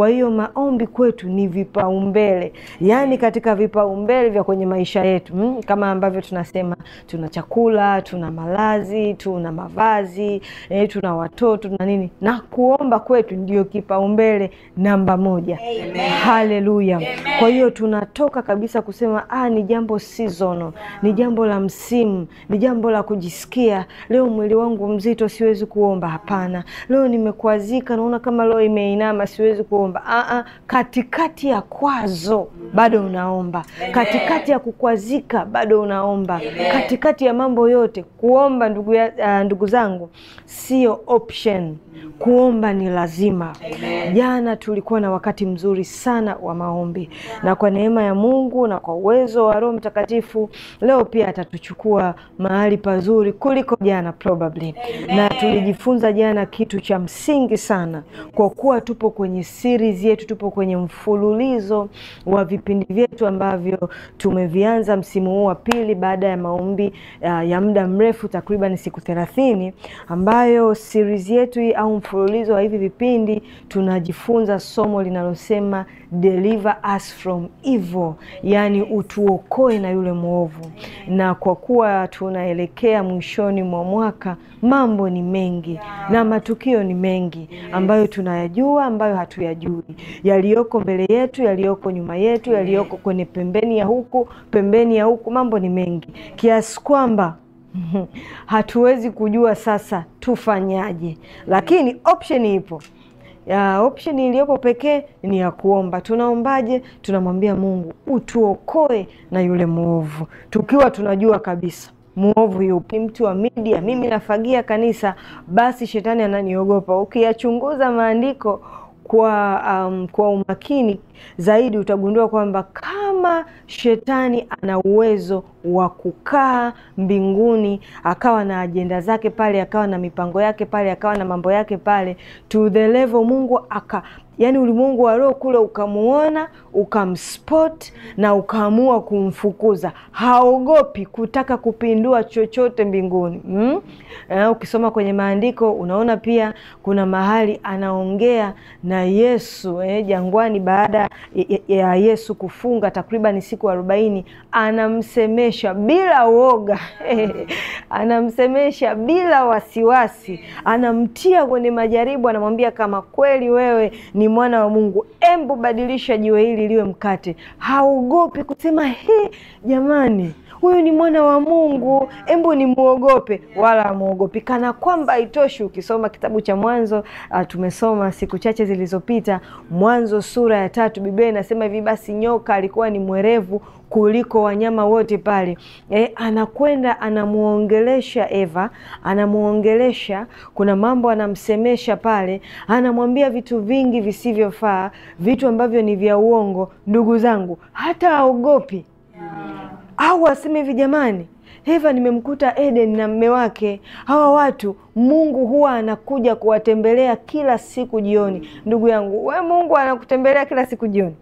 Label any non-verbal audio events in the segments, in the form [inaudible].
kwa hiyo maombi kwetu ni vipaumbele, yaani katika vipaumbele vya kwenye maisha yetu mm, kama ambavyo tunasema tuna chakula, tuna malazi, tuna mavazi eh, tuna watoto na nini, na kuomba kwetu ndio kipaumbele namba moja. Haleluya! Kwa hiyo tunatoka kabisa kusema ah, ni jambo sizono, ni jambo la msimu, ni jambo la kujisikia. Leo mwili wangu mzito, siwezi kuomba. Hapana, leo nimekwazika, naona kama leo imeinama, siwezi kuomba kuomba Aa, ah, ah, katikati ya kwazo bado unaomba Amen. Katikati ya kukwazika bado unaomba Amen. Katikati ya mambo yote kuomba, ndugu, ya, uh, ndugu zangu sio option, kuomba ni lazima Amen. Jana tulikuwa na wakati mzuri sana wa maombi na kwa neema ya Mungu na kwa uwezo wa Roho Mtakatifu leo pia atatuchukua mahali pazuri kuliko jana probably Amen. Na tulijifunza jana kitu cha msingi sana kwa kuwa tupo kwenye siri series yetu, tupo kwenye mfululizo wa vipindi vyetu ambavyo tumevianza msimu huu wa pili baada ya maombi ya, uh, ya muda mrefu takriban siku thelathini, ambayo series yetu au mfululizo wa hivi vipindi tunajifunza somo linalosema deliver us from evil, yani utuokoe na yule mwovu. Na kwa kuwa tunaelekea mwishoni mwa mwaka, mambo ni mengi na matukio ni mengi ambayo tunayajua, ambayo hatuyajui, yaliyoko mbele yetu, yaliyoko nyuma yetu, yaliyoko kwenye pembeni ya huku, pembeni ya huku, mambo ni mengi kiasi kwamba [laughs] hatuwezi kujua sasa tufanyaje, lakini option ipo ya option iliyopo pekee ni ya kuomba. Tunaombaje? Tunamwambia Mungu utuokoe na yule mwovu, tukiwa tunajua kabisa mwovu yupi, mtu wa media, mimi nafagia kanisa, basi shetani ananiogopa. Ukiyachunguza maandiko kwa, um, kwa umakini zaidi utagundua kwamba kama shetani ana uwezo wa kukaa mbinguni akawa na ajenda zake pale, akawa na mipango yake pale, akawa na mambo yake pale to the level Mungu aka yani ulimwengu wa roho kule ukamuona ukamspot na ukaamua kumfukuza. Haogopi kutaka kupindua chochote mbinguni mm? Uh, ukisoma kwenye maandiko unaona pia kuna mahali anaongea na Yesu eh, jangwani baada ya Yesu kufunga takriban siku arobaini, anamsemesha bila woga [laughs] anamsemesha bila wasiwasi, anamtia kwenye majaribu, anamwambia kama kweli wewe ni mwana wa Mungu, embu badilisha jiwe hili liwe mkate. Haogopi kusema hii, jamani huyu ni mwana wa Mungu, embu muogope. wala amwogopi. Kana kwamba itoshi ukisoma kitabu cha Mwanzo, ah, tumesoma siku chache zilizopita, Mwanzo sura ya tatu, Biblia inasema hivi, basi nyoka alikuwa ni mwerevu kuliko wanyama wote pale. E, anakwenda anamuongelesha Eva, anamwongelesha, kuna mambo anamsemesha pale, anamwambia vitu vingi visivyofaa, vitu ambavyo ni vya uongo. Ndugu zangu, hata aogopi au aseme hivi, jamani, heva nimemkuta Eden na mme wake. Hawa watu Mungu huwa anakuja kuwatembelea kila siku jioni. Ndugu yangu, we Mungu anakutembelea kila siku jioni,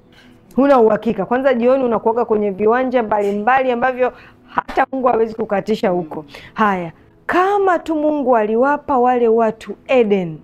huna uhakika. Kwanza jioni unakuoga kwenye viwanja mbalimbali ambavyo hata Mungu hawezi kukatisha huko. Haya, kama tu Mungu aliwapa wale watu Eden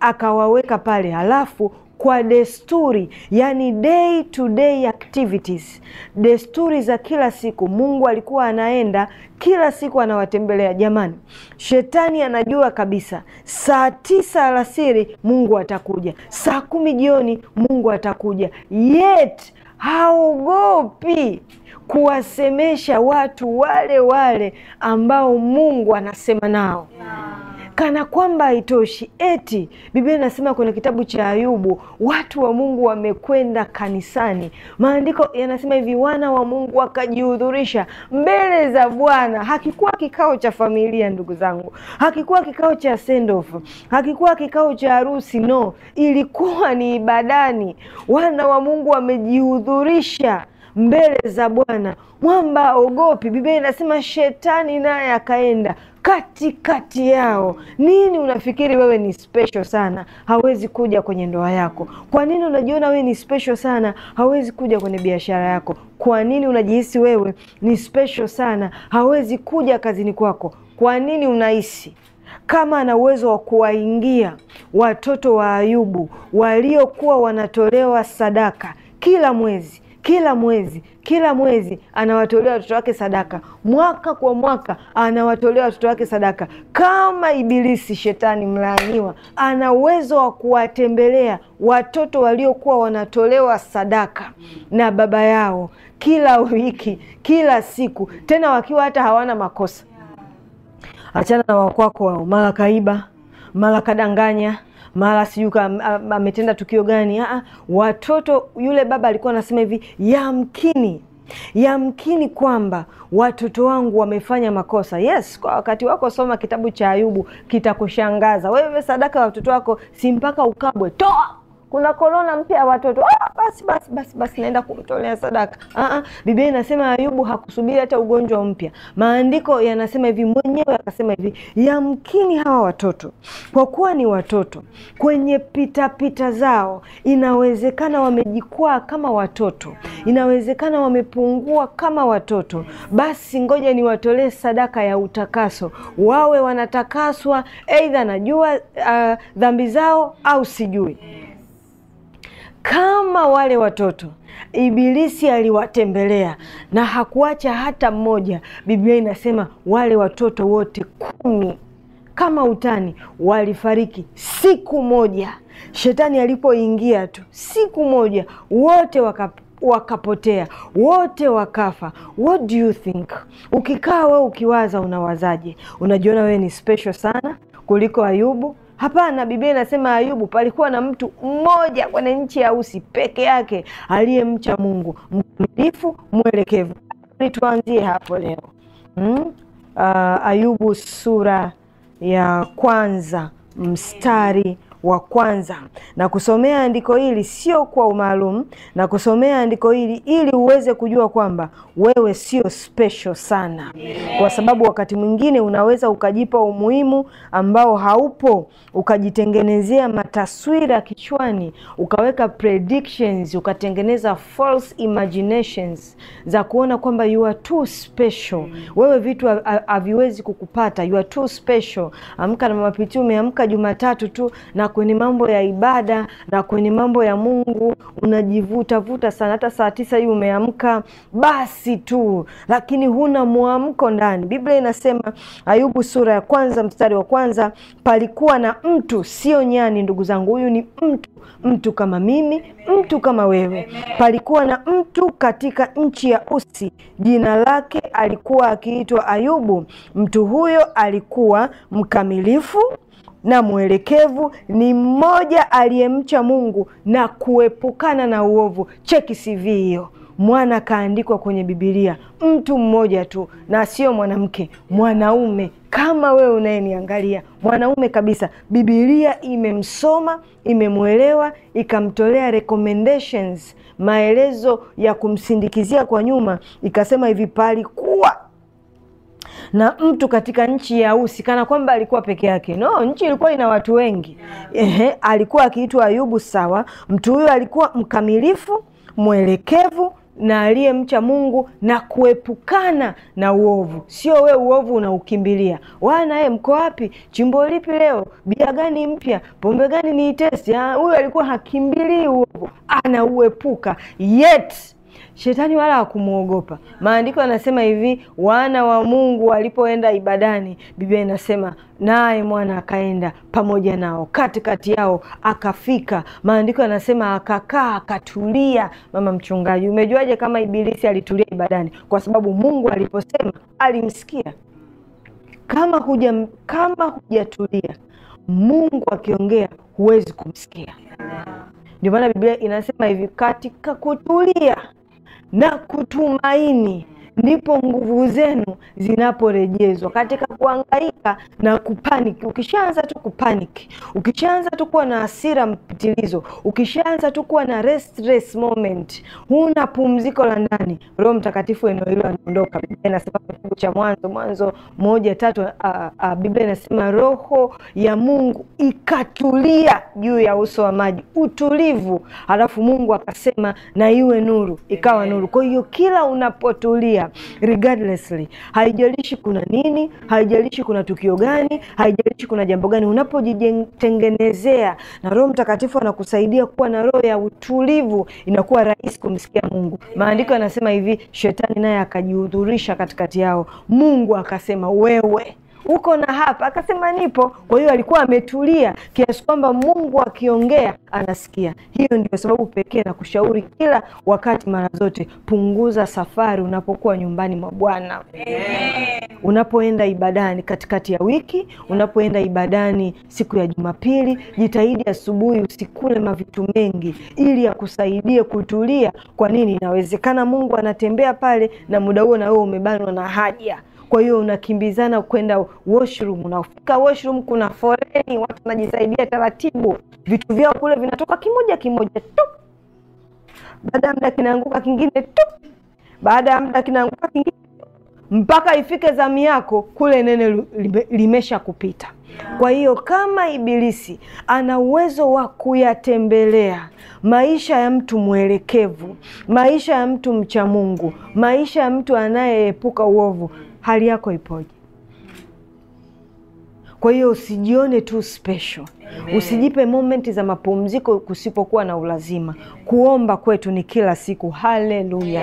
akawaweka pale, halafu kwa desturi, yani day to day activities, desturi za kila siku. Mungu alikuwa anaenda kila siku anawatembelea. Jamani, shetani anajua kabisa, saa tisa alasiri Mungu atakuja, saa kumi jioni Mungu atakuja, yet haogopi kuwasemesha watu wale wale ambao Mungu anasema nao, yeah. Kana kwamba haitoshi, eti Biblia inasema kwenye kitabu cha Ayubu, watu wa Mungu wamekwenda kanisani. Maandiko yanasema hivi, wana wa Mungu wakajihudhurisha mbele za Bwana. Hakikuwa kikao cha familia, ndugu zangu, hakikuwa kikao cha send off, hakikuwa kikao cha harusi, no, ilikuwa ni ibadani. Wana wa Mungu wamejihudhurisha mbele za Bwana. Mwamba ogopi Biblia inasema shetani naye akaenda katikati yao. Nini unafikiri wewe ni special sana, hawezi kuja kwenye ndoa yako? Kwa nini unajiona wewe ni special sana, hawezi kuja kwenye biashara yako? Kwa nini unajihisi wewe ni special sana, hawezi kuja kazini kwako? Kwa nini unahisi kama ana uwezo wa kuwaingia watoto wa Ayubu waliokuwa wanatolewa sadaka kila mwezi kila mwezi kila mwezi anawatolea watoto wake sadaka, mwaka kwa mwaka anawatolea watoto wake sadaka. Kama Ibilisi shetani mlaaniwa ana uwezo wa kuwatembelea watoto waliokuwa wanatolewa sadaka na baba yao kila wiki, kila siku, tena wakiwa hata hawana makosa. Achana na wakwako wao, mara kaiba, mara kadanganya mara sijui ametenda tukio gani. Aa, watoto yule baba alikuwa anasema hivi, yamkini yamkini kwamba watoto wangu wamefanya makosa. Yes, kwa wakati wako soma kitabu cha Ayubu, kitakushangaza wewe. Sadaka ya watoto wako si mpaka ukabwe, toa kuna korona mpya ya watoto ah, basi basi basi basi naenda kumtolea sadaka. Ah, ah, Biblia inasema Ayubu hakusubiri hata ugonjwa mpya. Maandiko yanasema hivi, mwenyewe akasema hivi, yamkini hawa watoto kwa kuwa ni watoto, kwenye pitapita pita zao inawezekana wamejikwaa kama watoto, inawezekana wamepungua kama watoto. Basi ngoja niwatolee sadaka ya utakaso, wawe wanatakaswa, aidha najua uh, dhambi zao au sijui kama wale watoto Ibilisi aliwatembelea na hakuacha hata mmoja. Biblia inasema wale watoto wote kumi kama utani walifariki siku moja. Shetani alipoingia tu, siku moja wote wakap wakapotea wote wakafa. What do you think? Ukikaa wewe ukiwaza, unawazaje? Unajiona wewe ni special sana kuliko Ayubu Hapana, Biblia inasema Ayubu, palikuwa na mtu mmoja kwenye nchi ya Usi peke yake aliyemcha Mungu, mkamilifu, mwelekevu. Tuanzie hapo leo hmm? Uh, Ayubu sura ya kwanza mstari wa kwanza. Na kusomea andiko hili sio kwa umaalum, na kusomea andiko hili ili uweze kujua kwamba wewe sio special sana, kwa sababu wakati mwingine unaweza ukajipa umuhimu ambao haupo, ukajitengenezea mataswira kichwani, ukaweka predictions, ukatengeneza false imaginations za kuona kwamba you are too special, wewe vitu haviwezi kukupata, you are too special. Amka na mapitio, umeamka Jumatatu tu na kwenye mambo ya ibada na kwenye mambo ya Mungu unajivutavuta sana, hata saa tisa hii umeamka basi tu, lakini huna mwamko ndani. Biblia inasema Ayubu sura ya kwanza mstari wa kwanza, palikuwa na mtu, sio nyani ndugu zangu, huyu ni mtu, mtu kama mimi, mtu kama wewe. Palikuwa na mtu katika nchi ya Usi, jina lake alikuwa akiitwa Ayubu. Mtu huyo alikuwa mkamilifu na mwelekevu, ni mmoja aliyemcha Mungu na kuepukana na uovu. Cheki CV hiyo mwana kaandikwa kwenye Bibilia, mtu mmoja tu, na sio mwanamke, mwanaume kama wewe unayeniangalia, mwanaume kabisa. Bibilia imemsoma, imemwelewa, ikamtolea recommendations, maelezo ya kumsindikizia kwa nyuma, ikasema hivi, palikuwa na mtu katika nchi ya Usi, kana kwamba alikuwa peke yake. No, nchi ilikuwa ina watu wengi. Ehe, alikuwa akiitwa Ayubu, sawa. Mtu huyo alikuwa mkamilifu, mwelekevu na aliyemcha Mungu na kuepukana na uovu. Sio we uovu unaukimbilia. Wanaye mko wapi? Chimbo lipi leo? Bia gani mpya? Pombe gani ni itesi? Ah, Huyu alikuwa hakimbilii uovu, anauepuka yet Shetani wala hakumwogopa. Maandiko yanasema hivi, wana wa Mungu walipoenda ibadani, Biblia inasema naye mwana akaenda pamoja nao, katikati yao akafika. Maandiko yanasema akakaa, akatulia. Mama mchungaji, umejuaje kama Ibilisi alitulia ibadani? Kwa sababu Mungu aliposema alimsikia. Kama huja kama hujatulia, Mungu akiongea huwezi kumsikia. Ndio maana Biblia inasema hivi, katika kutulia na kutumaini ndipo nguvu zenu zinaporejezwa katika kuangaika na kupaniki. Ukishaanza tu kupaniki, ukishaanza tu kuwa na hasira mpitilizo, ukishaanza tu kuwa na restless moment, huna pumziko la ndani, Roho Mtakatifu eneo hilo anaondoka. Biblia inasema kitabu cha Mwanzo, Mwanzo moja tatu, Biblia inasema roho ya Mungu ikatulia juu ya uso wa maji, utulivu. alafu Mungu akasema na iwe nuru, ikawa nuru. Kwa hiyo kila unapotulia kuendelea regardlessly, haijalishi kuna nini, haijalishi kuna tukio gani, haijalishi kuna jambo gani. Unapojitengenezea na Roho Mtakatifu anakusaidia kuwa na roho ya utulivu, inakuwa rahisi kumsikia Mungu. Maandiko yanasema hivi, shetani naye akajihudhurisha katikati yao, Mungu akasema wewe huko na hapa, akasema nipo. Kwa hiyo alikuwa ametulia kiasi kwamba Mungu akiongea anasikia. Hiyo ndio sababu pekee na kushauri kila wakati, mara zote, punguza safari unapokuwa nyumbani mwa Bwana, unapoenda ibadani katikati ya wiki, unapoenda ibadani siku ya Jumapili, jitahidi asubuhi usikule mavitu mengi, ili akusaidie kutulia. Kwa nini? Inawezekana Mungu anatembea pale na muda huo na wewe umebanwa na haja kwa hiyo unakimbizana kwenda washroom, unafika washroom, kuna foreni, watu wanajisaidia taratibu, vitu vyao kule vinatoka kimoja kimoja tu, baada ya muda kinaanguka kingine tu, baada ya muda kinaanguka kingine mpaka ifike zamu yako kule, nene limesha kupita. Kwa hiyo kama Ibilisi ana uwezo wa kuyatembelea maisha ya mtu mwelekevu, maisha ya mtu mcha Mungu, maisha ya mtu anayeepuka uovu, hali yako ipoje. Kwa hiyo usijione tu special, Amen. Usijipe momenti za mapumziko kusipokuwa na ulazima. Kuomba kwetu ni kila siku. Haleluya,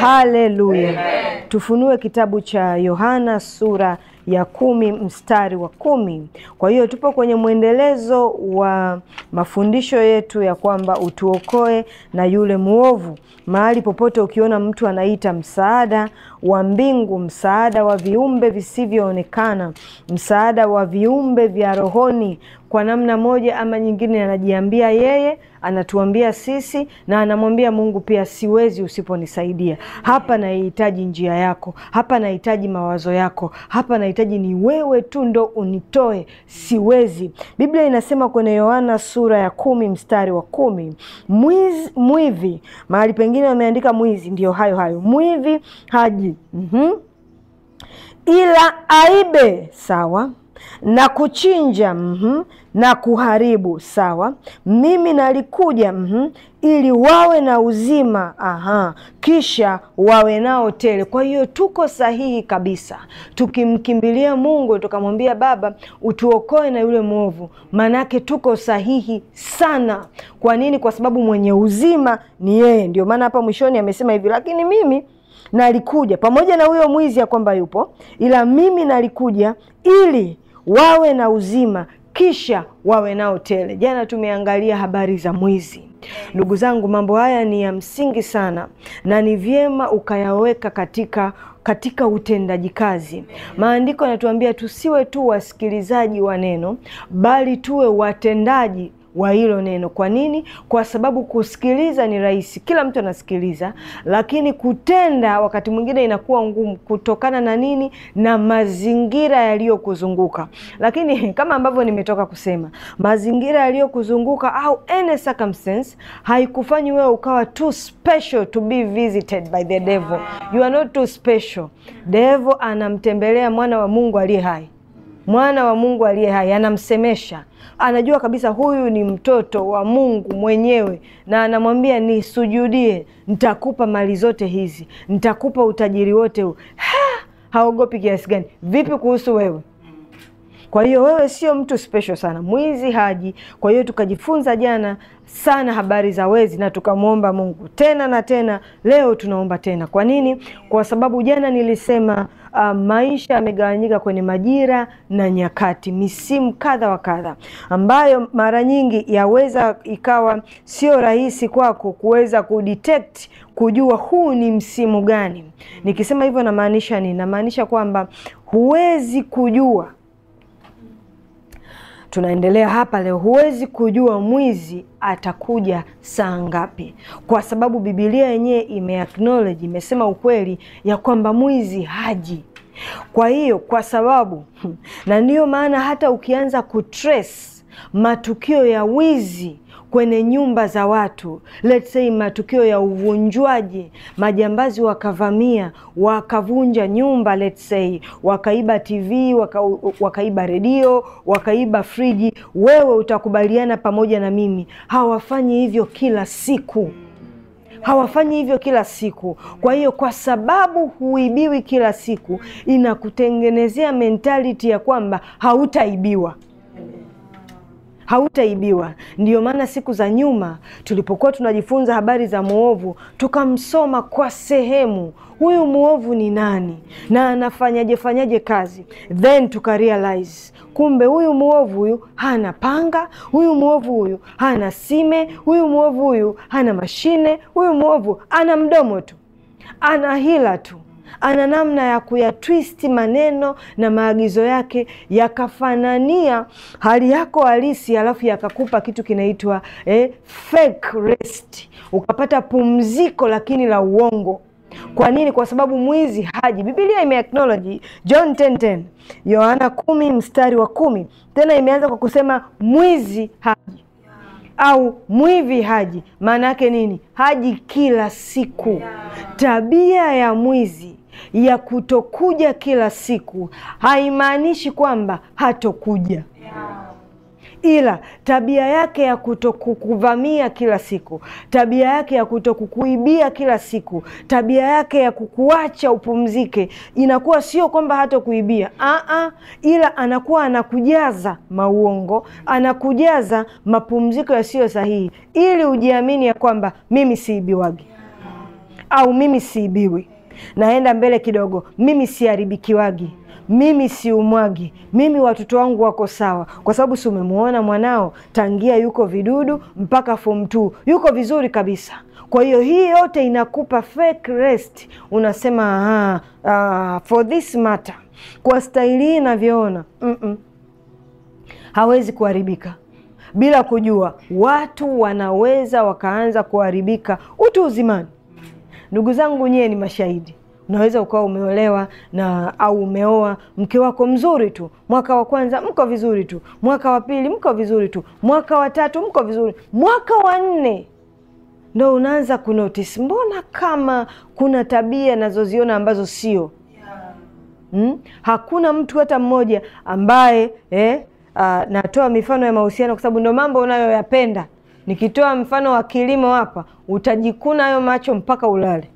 haleluya. Tufunue kitabu cha Yohana sura ya kumi mstari wa kumi. Kwa hiyo tupo kwenye mwendelezo wa mafundisho yetu ya kwamba utuokoe na yule mwovu. Mahali popote ukiona mtu anaita msaada wa mbingu, msaada wa viumbe visivyoonekana, msaada wa viumbe vya rohoni kwa namna moja ama nyingine anajiambia yeye, anatuambia sisi, na anamwambia Mungu pia, siwezi usiponisaidia. Hapa nahitaji njia yako, hapa nahitaji mawazo yako, hapa nahitaji ni wewe tu ndo unitoe, siwezi. Biblia inasema kwenye Yohana sura ya kumi mstari wa kumi mwizi, mwivi, mahali pengine wameandika mwizi, ndiyo hayo hayo, mwivi haji mm -hmm. ila aibe, sawa na kuchinja mm -hmm. na kuharibu sawa. Mimi nalikuja mm -hmm. ili wawe na uzima aha, kisha wawe nao tele. Kwa hiyo tuko sahihi kabisa tukimkimbilia Mungu tukamwambia Baba, utuokoe na yule mwovu, maanake tuko sahihi sana. Kwa nini? Kwa sababu mwenye uzima ni yeye. Ndio maana hapa mwishoni amesema hivi, lakini mimi nalikuja pamoja na huyo mwizi ya kwamba yupo, ila mimi nalikuja ili wawe na uzima kisha wawe nao tele. Jana tumeangalia habari za mwizi. Ndugu zangu, mambo haya ni ya msingi sana na ni vyema ukayaweka katika katika utendaji kazi. Maandiko yanatuambia tusiwe tu wasikilizaji wa neno, bali tuwe watendaji wa hilo neno. Kwa nini? Kwa sababu kusikiliza ni rahisi, kila mtu anasikiliza, lakini kutenda wakati mwingine inakuwa ngumu, kutokana na nini? Na mazingira yaliyokuzunguka. Lakini [laughs] kama ambavyo nimetoka kusema, mazingira yaliyokuzunguka au any circumstance haikufanyi wewe ukawa too special to be visited by the devil. You are not too special. Devil anamtembelea mwana wa Mungu aliye hai mwana wa Mungu aliye hai, anamsemesha, anajua kabisa huyu ni mtoto wa Mungu mwenyewe, na anamwambia nisujudie, nitakupa mali zote hizi, nitakupa utajiri wote huu. Haogopi kiasi gani? Vipi kuhusu wewe? Kwa hiyo wewe sio mtu special sana, mwizi haji. Kwa hiyo tukajifunza jana sana habari za wezi na tukamwomba Mungu tena na tena, leo tunaomba tena. Kwa nini? Kwa sababu jana nilisema uh, maisha yamegawanyika kwenye majira na nyakati, misimu kadha wa kadha, ambayo mara nyingi yaweza ikawa sio rahisi kwako kuweza kudetect kujua huu ni msimu gani. Nikisema hivyo namaanisha nini? Namaanisha kwamba huwezi kujua tunaendelea hapa leo. Huwezi kujua mwizi atakuja saa ngapi, kwa sababu Biblia yenyewe imeacknowledge, imesema ukweli ya kwamba mwizi haji. Kwa hiyo kwa sababu, [laughs] na ndiyo maana hata ukianza kutrace matukio ya wizi kwenye nyumba za watu, let's say matukio ya uvunjwaji, majambazi wakavamia wakavunja nyumba, let's say wakaiba TV waka, wakaiba redio wakaiba friji, wewe utakubaliana pamoja na mimi, hawafanyi hivyo kila siku hawafanyi hivyo kila siku. Kwa hiyo kwa sababu huibiwi kila siku, inakutengenezea mentality ya kwamba hautaibiwa hautaibiwa. Ndiyo maana siku za nyuma tulipokuwa tunajifunza habari za mwovu, tukamsoma kwa sehemu, huyu mwovu ni nani na anafanyaje fanyaje kazi, then tukarealize kumbe huyu mwovu huyu hana panga, huyu mwovu huyu hana sime, huyu mwovu huyu hana mashine, huyu mwovu ana mdomo tu, ana hila tu ana namna ya kuyatwisti maneno na maagizo yake yakafanania hali yako halisi, alafu yakakupa kitu kinaitwa eh, fake rest, ukapata pumziko lakini la uongo. Kwa nini? Kwa sababu mwizi haji. Biblia ime acknowledge John 10:10, Yohana 10 mstari wa kumi. Tena imeanza kwa kusema mwizi haji au mwivi haji. Maana yake nini? Haji kila siku. Tabia ya mwizi ya kutokuja kila siku haimaanishi kwamba hatokuja ila tabia yake ya kutokukuvamia kila siku, tabia yake ya kutokukuibia kila siku, tabia yake ya kukuacha upumzike, inakuwa sio kwamba hatokuibia aa, ila anakuwa anakujaza mauongo, anakujaza mapumziko yasiyo sahihi, ili ujiamini ya kwamba mimi siibiwagi au mimi siibiwi naenda mbele kidogo, mimi siharibikiwagi, mimi siumwagi, mimi watoto wangu wako sawa, kwa sababu si umemwona mwanao tangia yuko vidudu mpaka form 2 yuko vizuri kabisa. Kwa hiyo hii yote inakupa fake rest, unasema ah, uh, for this matter, kwa staili hii inavyoona mm -mm. hawezi kuharibika bila kujua watu wanaweza wakaanza kuharibika utu uzimani Ndugu zangu, nyie ni mashahidi. Unaweza ukawa umeolewa na au umeoa mke wako mzuri tu, mwaka wa kwanza mko vizuri tu, mwaka wa pili mko vizuri tu, mwaka wa tatu mko vizuri, mwaka wa nne ndo unaanza kunotice, mbona kama kuna tabia nazoziona ambazo sio Hmm? Hakuna mtu hata mmoja ambaye eh, uh, natoa mifano ya mahusiano kwa sababu ndo mambo unayoyapenda. Nikitoa mfano wa kilimo hapa, utajikuna hayo macho mpaka ulale.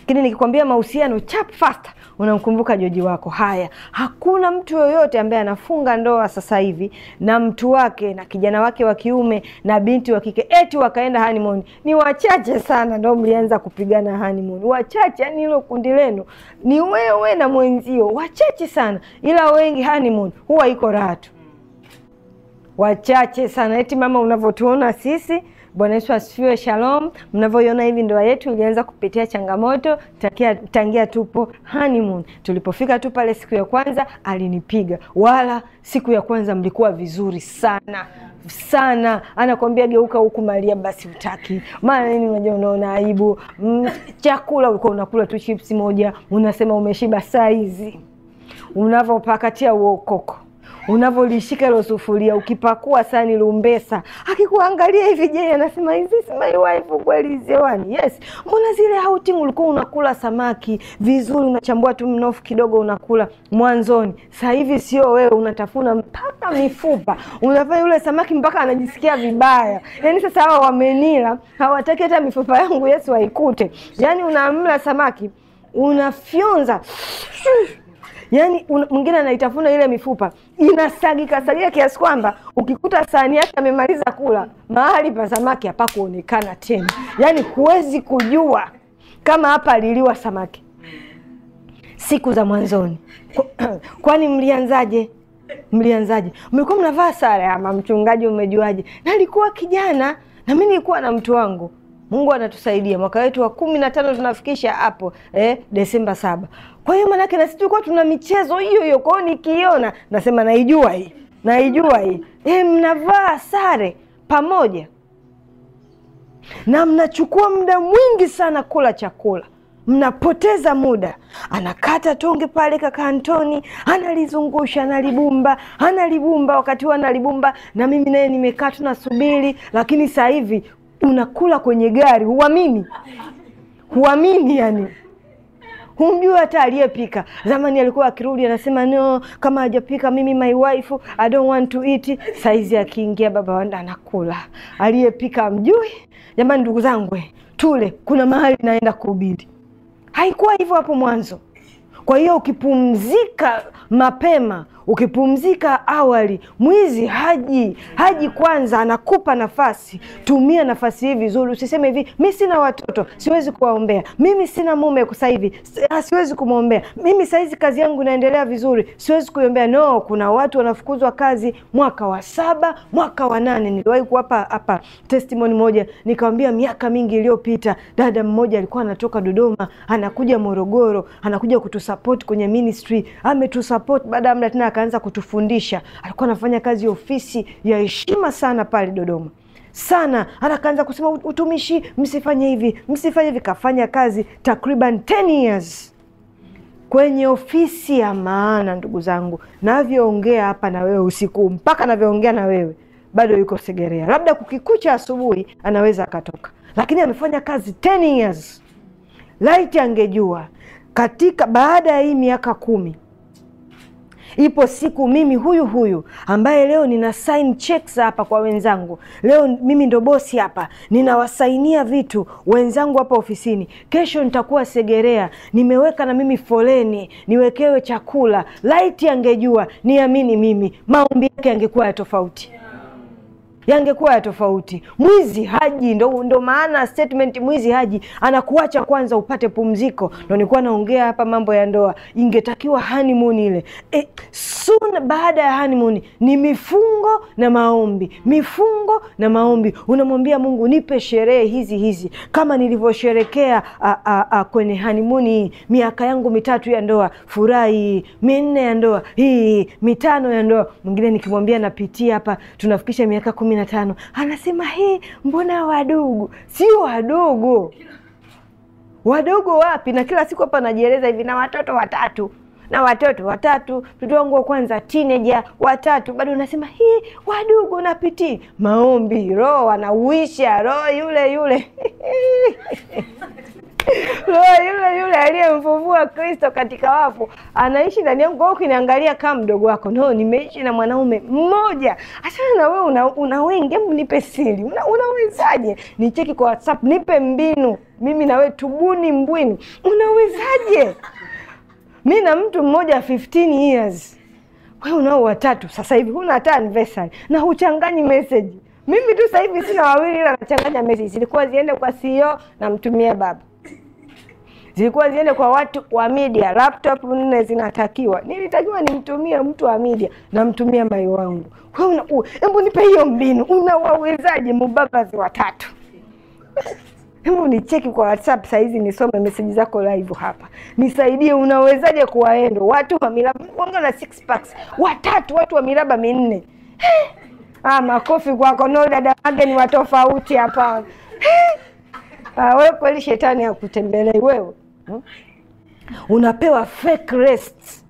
Lakini nikikwambia mahusiano, chap fast unamkumbuka joji wako. Haya, hakuna mtu yoyote ambaye anafunga ndoa sasa hivi na mtu wake na kijana wake wa kiume na binti wa kike eti wakaenda honeymoon. Ni wachache sana ndo mlianza kupigana honeymoon, wachache. Yani hilo kundi lenu ni wewe na mwenzio, wachache sana, ila wengi honeymoon huwa iko raha tu wachache sana. Eti mama, unavyotuona sisi. Bwana Yesu asifiwe. Shalom. Mnavyoiona hivi, ndoa yetu ilianza kupitia changamoto takia, tangia tupo honeymoon. Tulipofika tu pale siku ya kwanza alinipiga, wala siku ya kwanza mlikuwa vizuri sana sana anakwambia geuka huku Maria, basi utaki maana nini? Unajua, unaona aibu. Mm, chakula ulikuwa unakula tu chipsi moja, unasema umeshiba saa hizi, unavyopakatia uokoko unavyolishika hilo sufuria, ukipakua sani lumbesa, akikuangalia hivi, je, anasema hizi si my wife kweli? Zewani, yes. Mbona zile outing ulikuwa unakula samaki vizuri, unachambua tu mnofu kidogo unakula mwanzoni, sasa hivi sio wewe, unatafuna mpaka mifupa, unafanya yule samaki mpaka anajisikia vibaya. Yani sasa hawa wamenila, hawataki hata mifupa yangu Yesu aikute. Yani unamla samaki unafyonza yani mwingine anaitafuna ile mifupa inasagika sagika kiasi kwamba ukikuta sahani yake amemaliza kula, mahali pa samaki hapakuonekana tena, yani huwezi kujua kama hapa aliliwa samaki. Siku za mwanzoni, [clears throat] kwani mlianzaje? Mlianzaje? mlikuwa mnavaa sare ama mchungaji, umejuaje? Nalikuwa kijana na mi nilikuwa na mtu wangu Mungu anatusaidia mwaka wetu wa kumi na tano tunafikisha hapo eh, Desemba saba. Kwa hiyo maanake nasi tulikuwa tuna michezo hiyo hiyo. Kwa hiyo nikiona nasema naijua hii, naijua hii eh, mnavaa sare pamoja na mnachukua muda mwingi sana kula chakula, mnapoteza muda. Anakata tonge pale kaka Antoni, analizungusha analibumba, analibumba. Wakati huo analibumba, na mimi naye nimekaa tunasubiri, lakini sasa hivi unakula kwenye gari, huamini, huamini yani humjui hata aliyepika. Zamani alikuwa akirudi anasema no, kama hajapika mimi my wife I don't want to eat. Saizi akiingia baba wanda anakula, aliyepika amjui. Jamani ndugu zangu, eh, tule, kuna mahali naenda kuhubiri. Haikuwa hivyo hapo mwanzo. Kwa hiyo ukipumzika mapema Ukipumzika awali, mwizi haji haji kwanza, anakupa nafasi. Tumia nafasi hii vizuri, usiseme hivi, mi sina watoto siwezi kuwaombea, mimi sina mume sasa hivi ah, siwezi kumwombea, mimi sahizi kazi yangu inaendelea vizuri, siwezi kuiombea. No, kuna watu wanafukuzwa kazi mwaka wa saba, mwaka wa nane. Niliwahi kuwapa hapa testimony moja, nikawambia miaka mingi iliyopita, dada mmoja alikuwa anatoka Dodoma anakuja Morogoro, anakuja kutusapoti kwenye ministry, ametusapoti baada ya muda tena akaanza kutufundisha. Alikuwa anafanya kazi ya ofisi ya heshima sana pale Dodoma sana hata akaanza kusema utumishi, msifanye hivi, msifanye hivi. Kafanya kazi takriban 10 years kwenye ofisi ya maana. Ndugu zangu, navyoongea hapa na wewe usiku mpaka navyoongea na wewe bado yuko Segerea, labda kukikucha asubuhi anaweza akatoka, lakini amefanya kazi 10 years. Laiti angejua katika baada ya hii miaka kumi Ipo siku mimi huyu huyu ambaye leo nina sign checks hapa kwa wenzangu, leo mimi ndo bosi hapa, ninawasainia vitu wenzangu hapa ofisini. Kesho nitakuwa Segerea, nimeweka na mimi foleni niwekewe chakula. Laiti angejua, niamini mimi, maombi yake yangekuwa ya tofauti yangekuwa ya tofauti. Mwizi haji, ndo, ndo maana statement mwizi haji, anakuacha kwanza upate pumziko. Ndo nilikuwa naongea hapa mambo ya ndoa, ingetakiwa honeymoon ile e, soon baada ya honeymoon ni mifungo na maombi, mifungo na maombi. Unamwambia Mungu, nipe sherehe hizi hizi kama nilivyosherekea kwenye honeymoon hii, miaka yangu mitatu ya ndoa, furahi minne ya ndoa hii, mitano ya ndoa. Mwingine nikimwambia napitia hapa, tunafikisha miaka kumi na tano anasema hii, mbona wadogo? Sio wadogo, wadogo wapi? Na kila siku hapa najieleza hivi, na watoto watatu na watoto watatu, mtoto wangu wa kwanza teenager watatu, bado nasema hii wadogo. Napitii maombi, roho anauisha, roho yule yule [laughs] Roho yule yule aliyemfufua Kristo katika wafu anaishi ndani yangu. Kwa hiyo ukiniangalia kama mdogo wako, no, nimeishi na mwanaume mmoja. Asana na wewe una, una wengi, hebu nipe siri. Una, unawezaje? Nicheki kwa WhatsApp, nipe mbinu. Mimi na wewe tubuni mbwini, Unawezaje? Mi na mtu mmoja 15 years. Wewe unao watatu sasa hivi, huna hata anniversary na huchanganyi message. Mimi tu sasa hivi sina wawili, ila nachanganya message. Zilikuwa ziende kwa CEO, namtumia baba zilikuwa ziende kwa watu wa media. Laptop nne zinatakiwa, nilitakiwa nimtumie mtu wa media, namtumia mai wangu. Hebu nipe hiyo mbinu, unawawezaje mubabazi watatu? Hebu nicheki kwa WhatsApp saa hizi nisome meseji zako live hapa, nisaidie, unawezaje kuwaendo watu wa miraba wanga na six packs watatu, watu wa miraba minne. Ah, makofi kwako. No dada wange ni watofauti, hapa. Ah, wewe kweli shetani hakutembelei wewe hmm? Unapewa fake rest.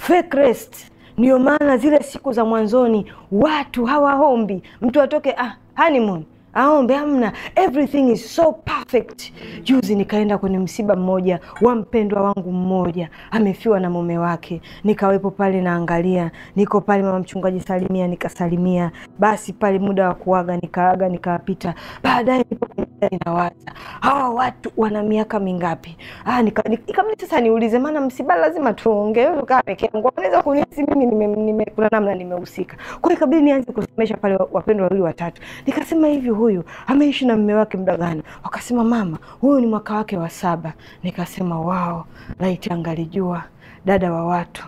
Fake rest. Ndio maana zile siku za mwanzoni watu hawaombi, mtu atoke ah, honeymoon aombe amna, everything is so perfect. Juzi nikaenda kwenye msiba mmoja wa mpendwa wangu mmoja, amefiwa na mume wake. Nikawepo pale naangalia, niko pale, mama mchungaji salimia, nikasalimia. Basi pale muda wa kuaga nikaaga, nikapita Baadaye nipo kwenye Inawaza hawa watu wana miaka mingapi? Ah, sasa niulize, maana msiba lazima tuongee. Wewe peke yangu, unaweza kunihisi mimi nime, nime, kuna namna nimehusika. Kwa hiyo ikabidi nianze kusomesha pale wapendwa wawili watatu, nikasema hivi, huyu ameishi na mume wake muda gani? Wakasema mama, huyu ni mwaka wake wa saba. Nikasema wao, laiti angalijua dada wa watu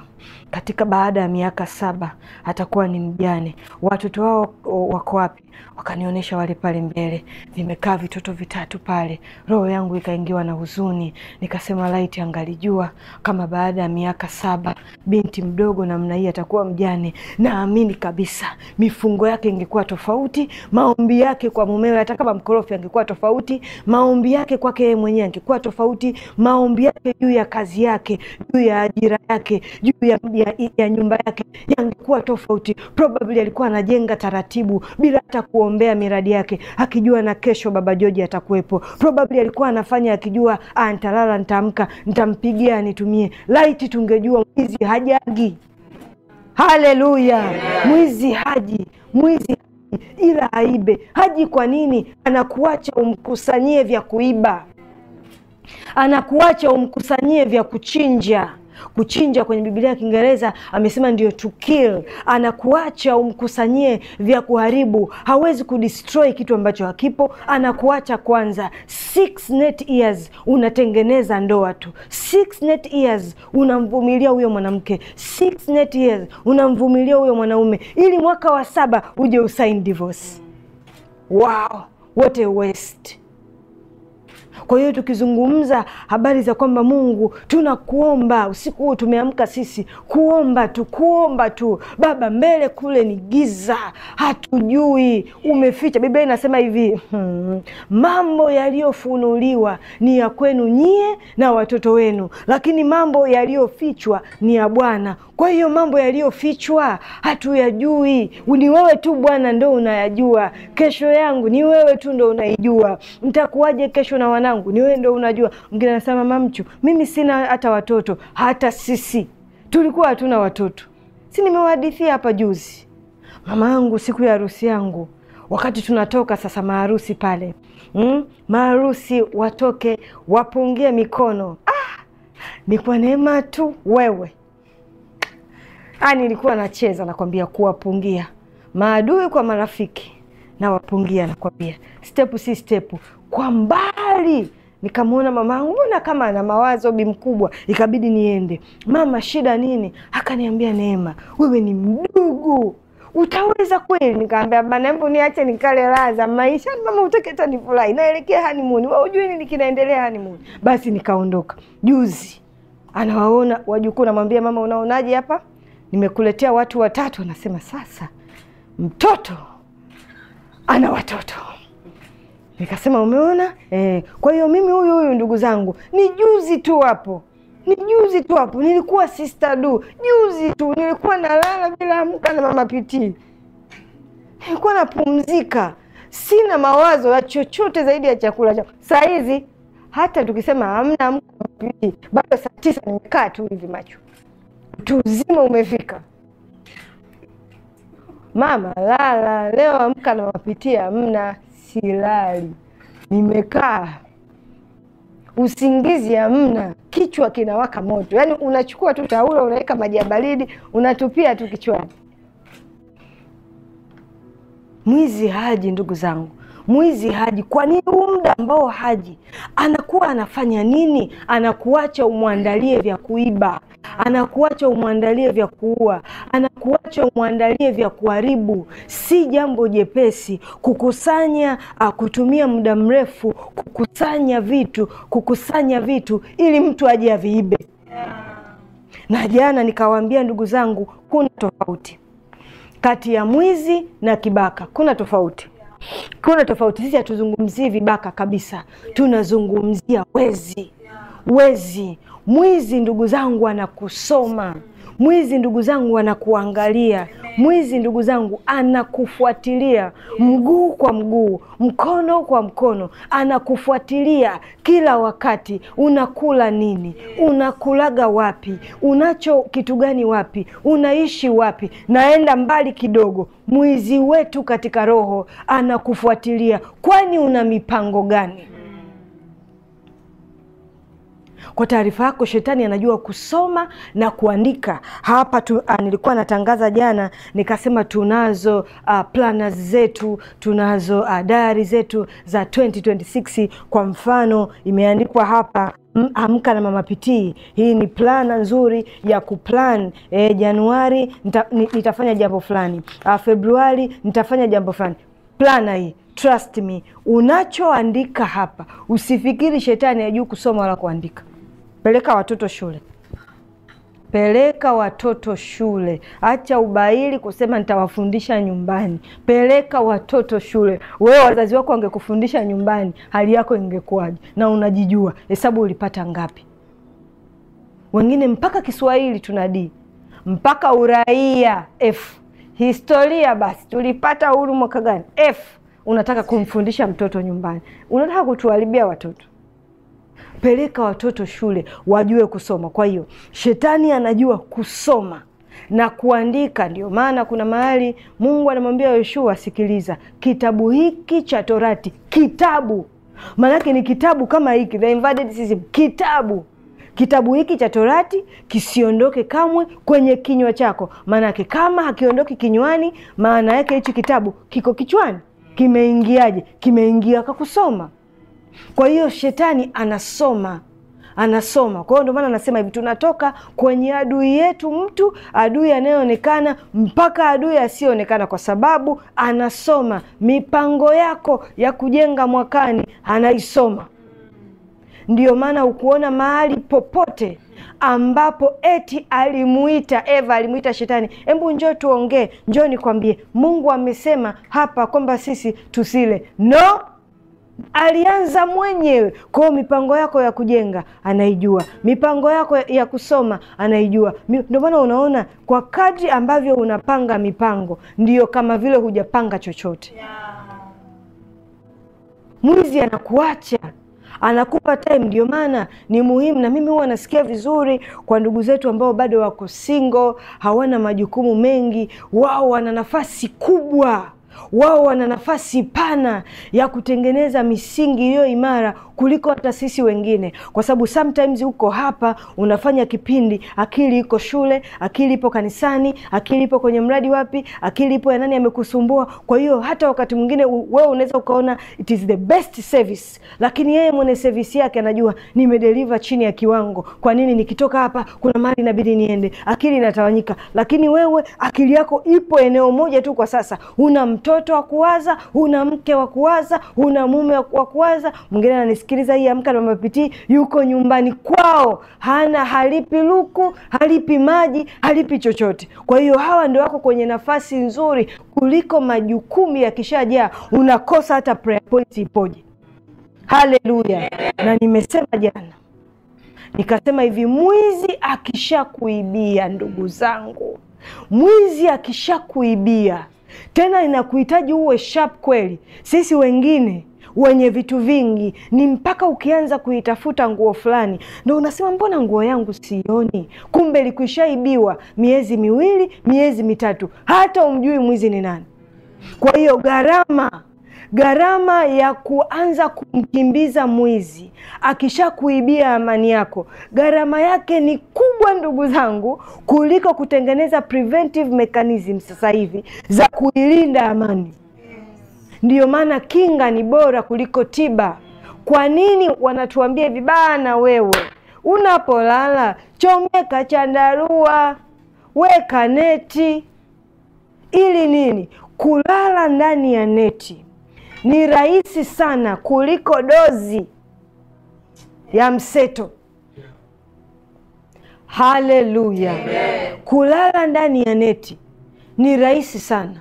katika baada ya miaka saba atakuwa ni mjane. Watoto wao wako wapi? wakanionyesha wale pale mbele, vimekaa vitoto vitatu pale. Roho yangu ikaingiwa na huzuni, nikasema laiti angalijua kama baada ya miaka saba binti mdogo namna hii atakuwa mjane, naamini kabisa mifungo yake ingekuwa tofauti, maombi yake kwa mumewe, hata kama mkorofi, angekuwa tofauti, maombi yake kwake yeye mwenyewe angekuwa tofauti, maombi yake juu ya kazi yake, juu ya ajira yake, juu ya, ya, ya nyumba yake yangekuwa tofauti. Probably alikuwa anajenga taratibu bila hata kuombea miradi yake akijua na kesho baba Joji atakuwepo. Probably alikuwa anafanya akijua, ah, nitalala, nitaamka, nitampigia anitumie. Laiti tungejua mwizi hajagi. Haleluya! Mwizi haji, mwizi haji ila aibe. Haji kwa nini? Anakuacha umkusanyie vya kuiba, anakuacha umkusanyie vya kuchinja Kuchinja kwenye Biblia ya Kiingereza amesema ndio to kill, anakuacha umkusanyie vya kuharibu. Hawezi kudestroy kitu ambacho hakipo, anakuacha kwanza. Six net years unatengeneza ndoa tu, six net years unamvumilia huyo mwanamke, six net years unamvumilia huyo mwanaume, ili mwaka wa saba uje usain divorce. Wow, what a waste! Kwa hiyo tukizungumza habari za kwamba Mungu tunakuomba usiku huu, tumeamka sisi kuomba tu, kuomba tu Baba, mbele kule ni giza, hatujui umeficha. Biblia inasema hivi hmm, mambo yaliyofunuliwa ni ya kwenu nyie na watoto wenu, lakini mambo yaliyofichwa ni ya Bwana kwa hiyo mambo yaliyofichwa hatuyajui, ni wewe tu Bwana ndo unayajua. Kesho yangu ni wewe tu ndo unaijua. Mtakuwaje kesho na wanangu, ni wewe ndo unajua. Mwingine anasema mama Mchu, mimi sina hata watoto. Hata sisi tulikuwa hatuna watoto, si nimewahadithia hapa juzi. Mama yangu siku ya harusi yangu wakati tunatoka sasa maharusi pale mm, maharusi watoke wapungie mikono. Ah, ni kwa neema tu wewe Ani ah, nilikuwa nacheza, nakwambia kuwapungia maadui kwa marafiki nawapungia, nakwambia stepu si stepu. Kwa mbali nikamwona mamangu, mbona kama ana mawazo bi mkubwa, ikabidi niende. Mama, shida nini? Akaniambia, Neema, wewe ni mdugu utaweza kweli? Nikaambia bana, hebu niache nikale raha za maisha, yaani mama utake hata nifurahi, naelekea hanimuni, waujui nini kinaendelea hanimuni. Basi nikaondoka. Juzi anawaona wajukuu, namwambia mama, unaonaje hapa nimekuletea watu watatu, anasema sasa mtoto ana watoto. Nikasema umeona eh. Kwa hiyo mimi huyu huyu ndugu zangu, ni juzi tu hapo, ni juzi tu hapo nilikuwa sister du, juzi tu nilikuwa nalala bila amka na mama piti, nilikuwa napumzika, sina mawazo ya chochote zaidi ya chakula cha saa hizi. Hata tukisema hamna amka, bado saa tisa nimekaa tu hivi macho Utu uzima umefika. Mama lala, leo amka na mapitia mna silali, nimekaa usingizi hamna, kichwa kinawaka moto. Yaani unachukua tu taulo unaweka maji ya baridi unatupia tu kichwani. Mwizi haji, ndugu zangu mwizi haji. Kwa nini huu muda ambao haji, anakuwa anafanya nini? Anakuacha umwandalie vya kuiba, anakuacha umwandalie vya kuua, anakuacha umwandalie vya kuharibu. Si jambo jepesi kukusanya, ah, kutumia muda mrefu kukusanya vitu, kukusanya vitu ili mtu aje aviibe. Na jana nikawaambia ndugu zangu, kuna tofauti kati ya mwizi na kibaka, kuna tofauti kuna tofauti. Sisi hatuzungumzii vibaka kabisa, tunazungumzia wezi. Wezi, mwizi, ndugu zangu, anakusoma. Mwizi ndugu zangu anakuangalia, mwizi ndugu zangu anakufuatilia mguu kwa mguu, mkono kwa mkono, anakufuatilia kila wakati. Unakula nini? Unakulaga wapi? Unacho kitu gani wapi? Unaishi wapi? Naenda mbali kidogo, mwizi wetu katika roho anakufuatilia. Kwani una mipango gani? Kwa taarifa yako, shetani anajua kusoma na kuandika. Hapa tu, a, ah, nilikuwa natangaza jana nikasema tunazo a, ah, planners zetu tunazo uh, zetu za 2026 kwa mfano imeandikwa hapa Amka na Mama Pitii. Hii ni plana nzuri ya kuplan. E, Januari nita, nitafanya jambo fulani, Februari nitafanya jambo fulani. Plana hii trust me, unachoandika hapa usifikiri shetani hajui kusoma wala kuandika. Peleka watoto shule, peleka watoto shule. Acha ubaili kusema nitawafundisha nyumbani. Peleka watoto shule. Wewe wazazi wako wangekufundisha nyumbani, hali yako ingekuwaje? Na unajijua, hesabu ulipata ngapi? Wengine mpaka Kiswahili tuna D, mpaka uraia F, historia basi tulipata uhuru mwaka gani? F. Unataka kumfundisha mtoto nyumbani, unataka kutuharibia watoto peleka watoto shule wajue kusoma. Kwa hiyo shetani anajua kusoma na kuandika. Ndio maana kuna mahali Mungu anamwambia Yoshua, sikiliza kitabu hiki cha Torati, kitabu maanake ni kitabu kama hiki, the invaded system, kitabu kitabu hiki cha Torati kisiondoke kamwe kwenye kinywa chako. Maanake kama hakiondoki kinywani, maana yake hichi kitabu kiko kichwani. Kimeingiaje? Kimeingia kakusoma kwa hiyo shetani anasoma anasoma. Kwa hiyo ndio maana anasema hivi, tunatoka kwenye adui yetu mtu, adui anayeonekana mpaka adui asiyeonekana, kwa sababu anasoma mipango yako ya kujenga mwakani, anaisoma. ndio maana ukuona mahali popote ambapo eti alimuita Eva, alimuita shetani, hebu njoo tuongee, njoo nikwambie, Mungu amesema hapa kwamba sisi tusile. No, alianza mwenyewe. Kwa mipango yako ya kujenga anaijua, mipango yako ya kusoma anaijua. Ndio maana unaona kwa kadri ambavyo unapanga mipango, ndiyo kama vile hujapanga chochote. Mwizi anakuacha anakupa time. Ndio maana ni muhimu, na mimi huwa nasikia vizuri kwa ndugu zetu ambao bado wako single, hawana majukumu mengi, wao wana nafasi kubwa wao wana nafasi pana ya kutengeneza misingi hiyo imara kuliko hata sisi wengine, kwa sababu sometimes uko hapa unafanya kipindi, akili iko shule, akili ipo kanisani, akili ipo kwenye mradi wapi, akili ipo ya nani amekusumbua. Kwa hiyo hata wakati mwingine wewe unaweza ukaona it is the best service, lakini yeye mwenye service yake anajua nimedeliver chini ya kiwango. Kwa nini? Nikitoka hapa kuna mali inabidi niende, akili inatawanyika. Lakini wewe akili yako ipo eneo moja tu kwa sasa, una mto mtoto wa kuwaza, huna mke wa kuwaza, huna mume wa kuwaza. Mwingine ananisikiliza hii, amka na mapitii, yuko nyumbani kwao, hana halipi luku, halipi maji, halipi chochote. Kwa hiyo hawa ndio wako kwenye nafasi nzuri kuliko majukumu yakishajaa, unakosa hata prayer point ipoje. Haleluya! Na nimesema jana nikasema hivi, mwizi akishakuibia, ndugu zangu, mwizi akishakuibia tena inakuhitaji uwe sharp kweli. Sisi wengine wenye vitu vingi ni mpaka ukianza kuitafuta nguo fulani ndo unasema mbona nguo yangu sioni, kumbe likuishaibiwa miezi miwili, miezi mitatu, hata umjui mwizi ni nani. Kwa hiyo gharama Gharama ya kuanza kumkimbiza mwizi akishakuibia amani yako, gharama yake ni kubwa, ndugu zangu, kuliko kutengeneza preventive mechanism sasa hivi za kuilinda amani. Ndiyo maana kinga ni bora kuliko tiba. Kwa nini wanatuambia hivi bana? Wewe unapolala chomeka chandarua, weka neti ili nini? Kulala ndani ya neti ni rahisi sana kuliko dozi ya mseto. Haleluya! Kulala ndani ya neti ni rahisi sana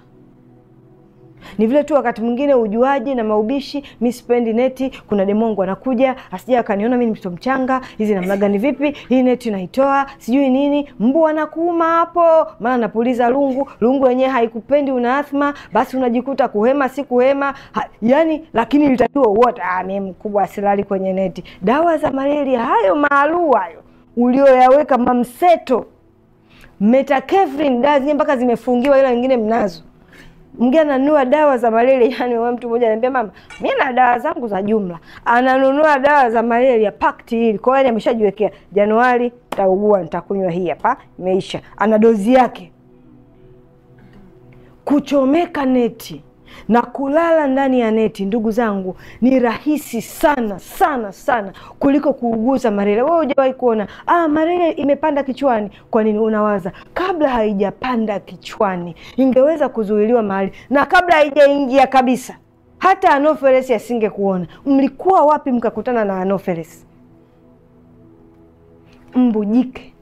ni vile tu wakati mwingine ujuaji na maubishi, mi sipendi neti. Kuna demongo anakuja asija akaniona mi ni mtoto mchanga, hizi namna gani, vipi hii neti naitoa, sijui nini, mbu anakuuma hapo, maana napuliza lungu, lungu yenyewe haikupendi, una athma, basi unajikuta kuhema si kuhema ha, yani lakini ilitakiwa wote, ah, mimi mkubwa asilali kwenye neti. Dawa za malaria hayo maalua hayo ulioyaweka mamseto metakevrin dawa zenyewe mpaka zimefungiwa, ila wengine mnazo Mgeni ananunua dawa za malaria. Yani wewe mtu mmoja ananiambia mama, mimi na dawa zangu za jumla, ananunua dawa za malaria pakti hili. Kwa hiyo yani ameshajiwekea Januari nitaugua, nitakunywa hii hapa, imeisha. Ana dozi yake. Kuchomeka neti na kulala ndani ya neti, ndugu zangu, ni rahisi sana sana sana kuliko kuuguza malaria. Wewe hujawahi kuona ah, malaria imepanda kichwani? Kwa nini unawaza? Kabla haijapanda kichwani, ingeweza kuzuiliwa mahali na kabla haijaingia kabisa. Hata Anopheles asingekuona. Mlikuwa wapi mkakutana na Anopheles? Mbu jike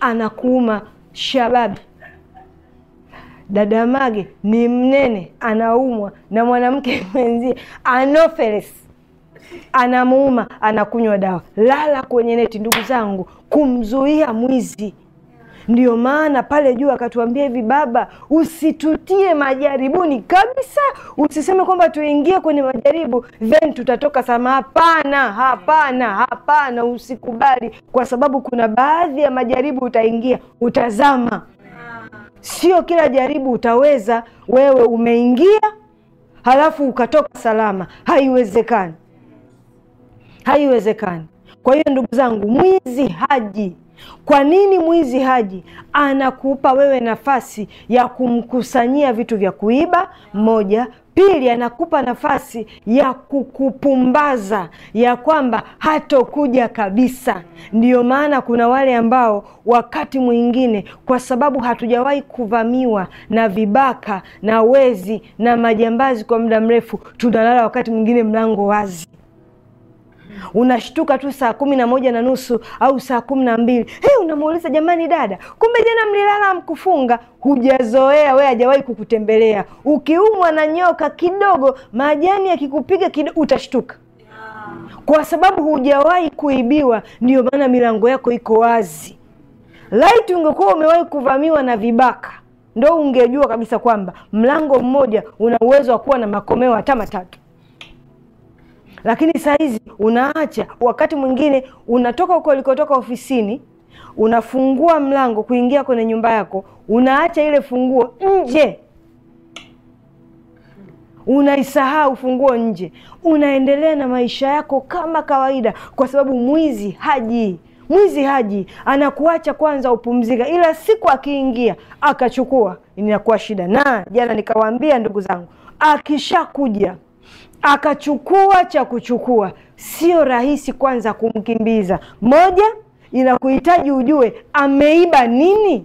anakuuma shababi dada Mage ni mnene, anaumwa na mwanamke [laughs] mwenzie Anopheles anamuuma, anakunywa dawa. Lala kwenye neti, ndugu zangu, kumzuia mwizi. ndio maana pale juu akatuambia hivi, baba, usitutie majaribuni kabisa. Usiseme kwamba tuingie kwenye majaribu then tutatoka sama Hapana, hapana, hapana, usikubali, kwa sababu kuna baadhi ya majaribu utaingia, utazama Sio kila jaribu utaweza wewe umeingia halafu ukatoka salama. Haiwezekani, haiwezekani. Kwa hiyo ndugu zangu, mwizi haji kwa nini mwizi haji? Anakupa wewe nafasi ya kumkusanyia vitu vya kuiba, moja. Pili, anakupa nafasi ya kukupumbaza ya kwamba hatokuja kabisa. Ndiyo maana kuna wale ambao wakati mwingine, kwa sababu hatujawahi kuvamiwa na vibaka na wezi na majambazi kwa muda mrefu, tunalala wakati mwingine mlango wazi unashtuka tu saa kumi na moja na nusu au saa kumi na mbili hey, unamuuliza jamani, dada, kumbe jana mlilala mkufunga. Hujazoea we, hajawahi kukutembelea. Ukiumwa na nyoka kidogo, majani yakikupiga kidogo, utashtuka kwa sababu hujawahi kuibiwa. Ndiyo maana milango yako iko wazi. Laiti ungekuwa umewahi kuvamiwa na vibaka ndo ungejua kabisa kwamba mlango mmoja una uwezo wa kuwa na makomeo hata matatu. Lakini saa hizi unaacha, wakati mwingine unatoka huko ulikotoka ofisini, unafungua mlango kuingia kwenye nyumba yako, unaacha ile funguo nje, unaisahau funguo nje, unaendelea na maisha yako kama kawaida, kwa sababu mwizi haji mwizi haji, anakuacha kwanza upumzika, ila siku akiingia akachukua inakuwa shida. Na jana nikawaambia ndugu zangu, akishakuja akachukua cha kuchukua. Sio rahisi kwanza kumkimbiza. Moja, inakuhitaji ujue ameiba nini.